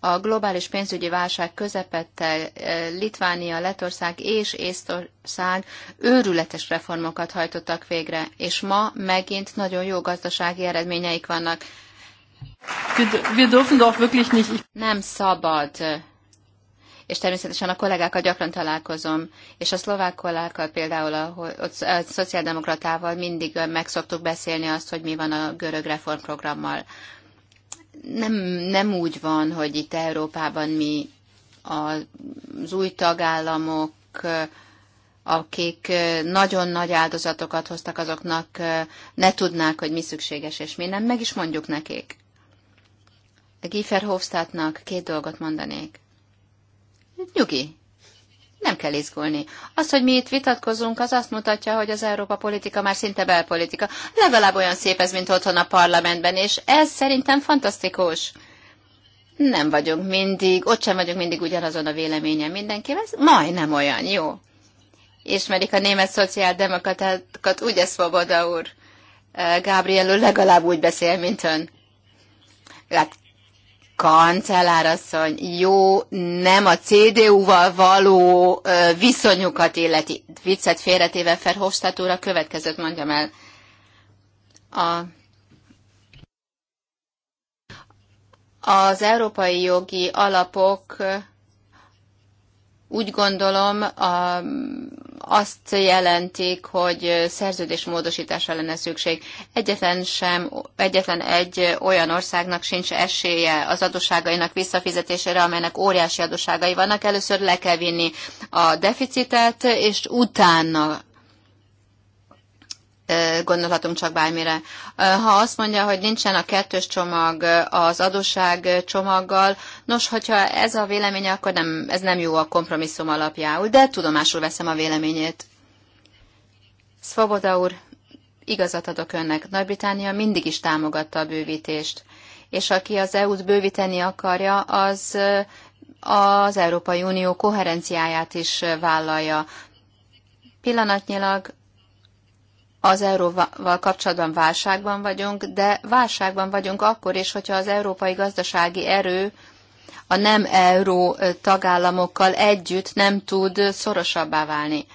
[SPEAKER 3] a globális pénzügyi válság közepette eh, Litvánia, Letország és Észtország őrületes reformokat hajtottak végre, és ma megint nagyon jó gazdasági eredményeik vannak. Nem szabad. És természetesen a kollégákkal gyakran találkozom, és a szlovák kollégákkal például a, a, a szociáldemokratával mindig meg beszélni azt, hogy mi van a görög reformprogrammal nem, nem úgy van, hogy itt Európában mi az új tagállamok, akik nagyon nagy áldozatokat hoztak, azoknak ne tudnák, hogy mi szükséges és mi nem, meg is mondjuk nekik. Giefer Hofstadtnak két dolgot mondanék. Nyugi, nem kell izgulni. Az, hogy mi itt vitatkozunk, az azt mutatja, hogy az Európa politika már szinte belpolitika. Legalább olyan szép ez, mint otthon a parlamentben, és ez szerintem fantasztikus. Nem vagyunk mindig, ott sem vagyunk mindig ugyanazon a véleményen mindenkivel, ez majdnem olyan, jó. Ismerik a német szociáldemokratákat, ugye Svoboda úr? Gabrielő legalább úgy beszél, mint ön. Lát kancellárasszony jó, nem a CDU-val való viszonyukat illeti. Viccet félretéve Ferhofstadt úr a következőt mondjam el. A, az európai jogi alapok úgy gondolom a, azt jelentik, hogy szerződés módosításra lenne szükség. Egyetlen sem, egyetlen egy olyan országnak sincs esélye az adósságainak visszafizetésére, amelynek óriási adósságai vannak. Először le kell vinni a deficitet, és utána gondolhatom csak bármire. Ha azt mondja, hogy nincsen a kettős csomag az adósság csomaggal, nos, hogyha ez a véleménye, akkor nem, ez nem jó a kompromisszum alapjául, de tudomásul veszem a véleményét. Svoboda úr, igazat adok önnek. Nagy-Britannia mindig is támogatta a bővítést, és aki az EU-t bővíteni akarja, az az Európai Unió koherenciáját is vállalja. Pillanatnyilag az euróval kapcsolatban válságban vagyunk, de válságban vagyunk akkor is, hogyha az európai gazdasági erő a nem euró tagállamokkal együtt nem tud szorosabbá válni.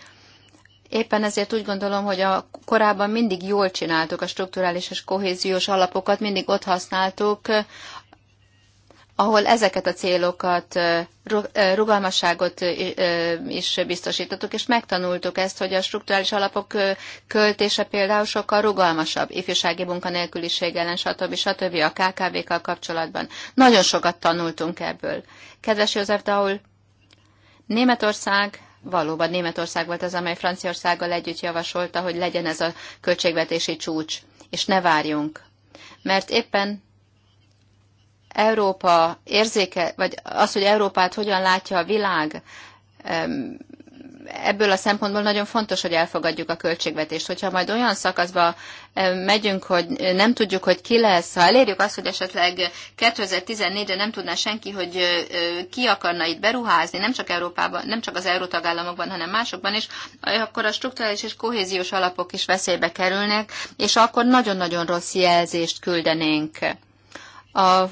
[SPEAKER 3] Éppen ezért úgy gondolom, hogy a korábban mindig jól csináltuk a strukturális és kohéziós alapokat, mindig ott használtuk, ahol ezeket a célokat, rugalmasságot is biztosítottuk, és megtanultuk ezt, hogy a strukturális alapok költése például sokkal rugalmasabb, ifjúsági munkanélküliség ellen, stb. stb. a KKV-kkal kapcsolatban. Nagyon sokat tanultunk ebből. Kedves József Daul, Németország valóban Németország volt az, amely Franciaországgal együtt javasolta, hogy legyen ez a költségvetési csúcs, és ne várjunk. Mert éppen Európa érzéke, vagy az, hogy Európát hogyan látja a világ, ebből a szempontból nagyon fontos, hogy elfogadjuk a költségvetést. Hogyha majd olyan szakaszba megyünk, hogy nem tudjuk, hogy ki lesz, ha elérjük azt, hogy esetleg 2014-re nem tudná senki, hogy ki akarna itt beruházni, nem csak Európában, nem csak az eurótagállamokban, hanem másokban is, akkor a strukturális és kohéziós alapok is veszélybe kerülnek, és akkor nagyon-nagyon rossz jelzést küldenénk a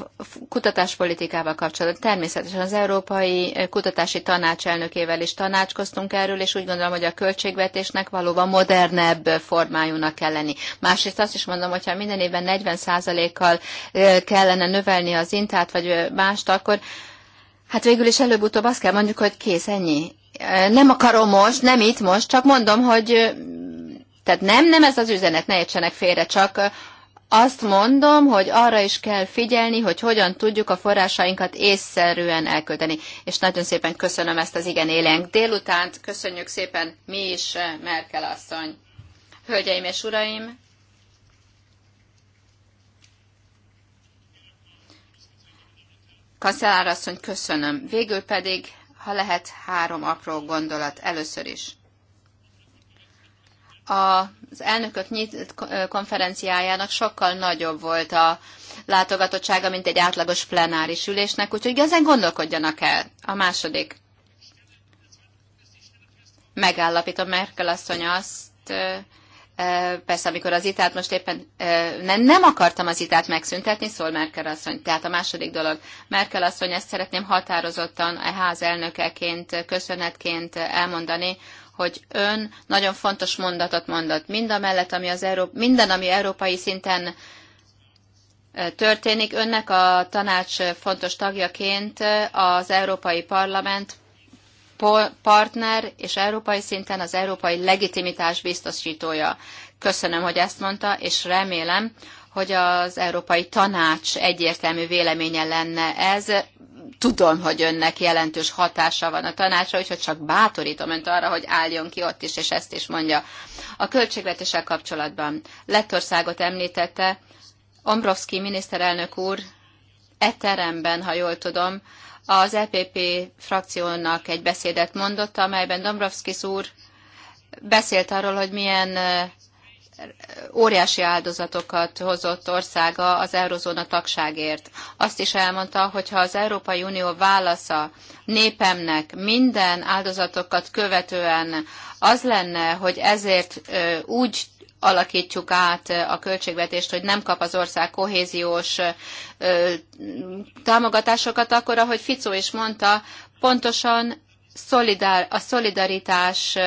[SPEAKER 3] kutatáspolitikával kapcsolatban. Természetesen az Európai Kutatási Tanács elnökével is tanácskoztunk erről, és úgy gondolom, hogy a költségvetésnek valóban modernebb formájúnak kell lenni. Másrészt azt is mondom, hogyha minden évben 40%-kal kellene növelni az intát, vagy mást, akkor hát végül is előbb-utóbb azt kell mondjuk, hogy kész, ennyi. Nem akarom most, nem itt most, csak mondom, hogy tehát nem, nem ez az üzenet, ne értsenek félre, csak azt mondom, hogy arra is kell figyelni, hogy hogyan tudjuk a forrásainkat észszerűen elkölteni. És nagyon szépen köszönöm ezt az igen élénk délutánt. Köszönjük szépen mi is, Merkel asszony. Hölgyeim és uraim, Kancellár asszony, köszönöm. Végül pedig, ha lehet, három apró gondolat először is. A az elnökök nyit konferenciájának sokkal nagyobb volt a látogatottsága, mint egy átlagos plenáris ülésnek, úgyhogy ezen gondolkodjanak el. A második. Megállapítom Merkel asszony azt, persze, amikor az itát most éppen nem, nem akartam az itát megszüntetni, szól Merkel asszony. Tehát a második dolog. Merkel asszony, ezt szeretném határozottan a e ház elnökeként, köszönetként elmondani, hogy ön nagyon fontos mondatot mondott. Mind a mellett, ami az Európa, minden, ami európai szinten történik, önnek a tanács fontos tagjaként az Európai Parlament partner és európai szinten az európai legitimitás biztosítója. Köszönöm, hogy ezt mondta, és remélem, hogy az Európai Tanács egyértelmű véleménye lenne ez, tudom, hogy önnek jelentős hatása van a tanácsra, úgyhogy csak bátorítom önt arra, hogy álljon ki ott is, és ezt is mondja. A költségvetéssel kapcsolatban Lettországot említette, Ombrovszki miniszterelnök úr e teremben, ha jól tudom, az EPP frakciónak egy beszédet mondott, amelyben Dombrovskis úr beszélt arról, hogy milyen óriási áldozatokat hozott országa az eurozóna tagságért. Azt is elmondta, hogy ha az Európai Unió válasza népemnek minden áldozatokat követően az lenne, hogy ezért úgy alakítjuk át a költségvetést, hogy nem kap az ország kohéziós támogatásokat, akkor, ahogy Ficó is mondta, pontosan a szolidaritás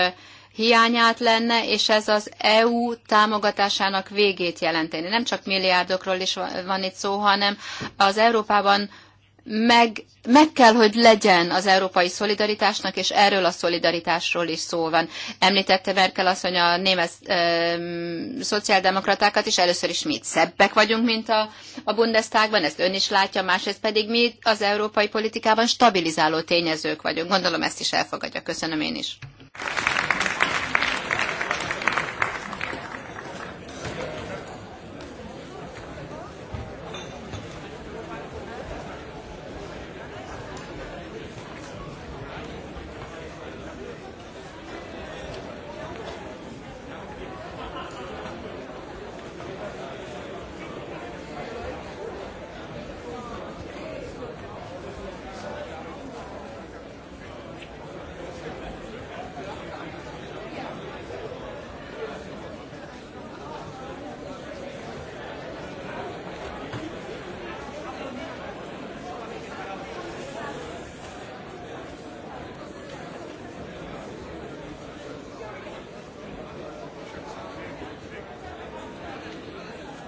[SPEAKER 3] hiányát lenne, és ez az EU támogatásának végét jelenteni. Nem csak milliárdokról is van itt szó, hanem az Európában meg, meg kell, hogy legyen az európai szolidaritásnak, és erről a szolidaritásról is szó van. Említette Merkel asszony a német e, szociáldemokratákat, és először is mi itt szebbek vagyunk, mint a, a Bundestagban, ezt ön is látja, másrészt pedig mi az európai politikában stabilizáló tényezők vagyunk. Gondolom ezt is elfogadja. Köszönöm én is.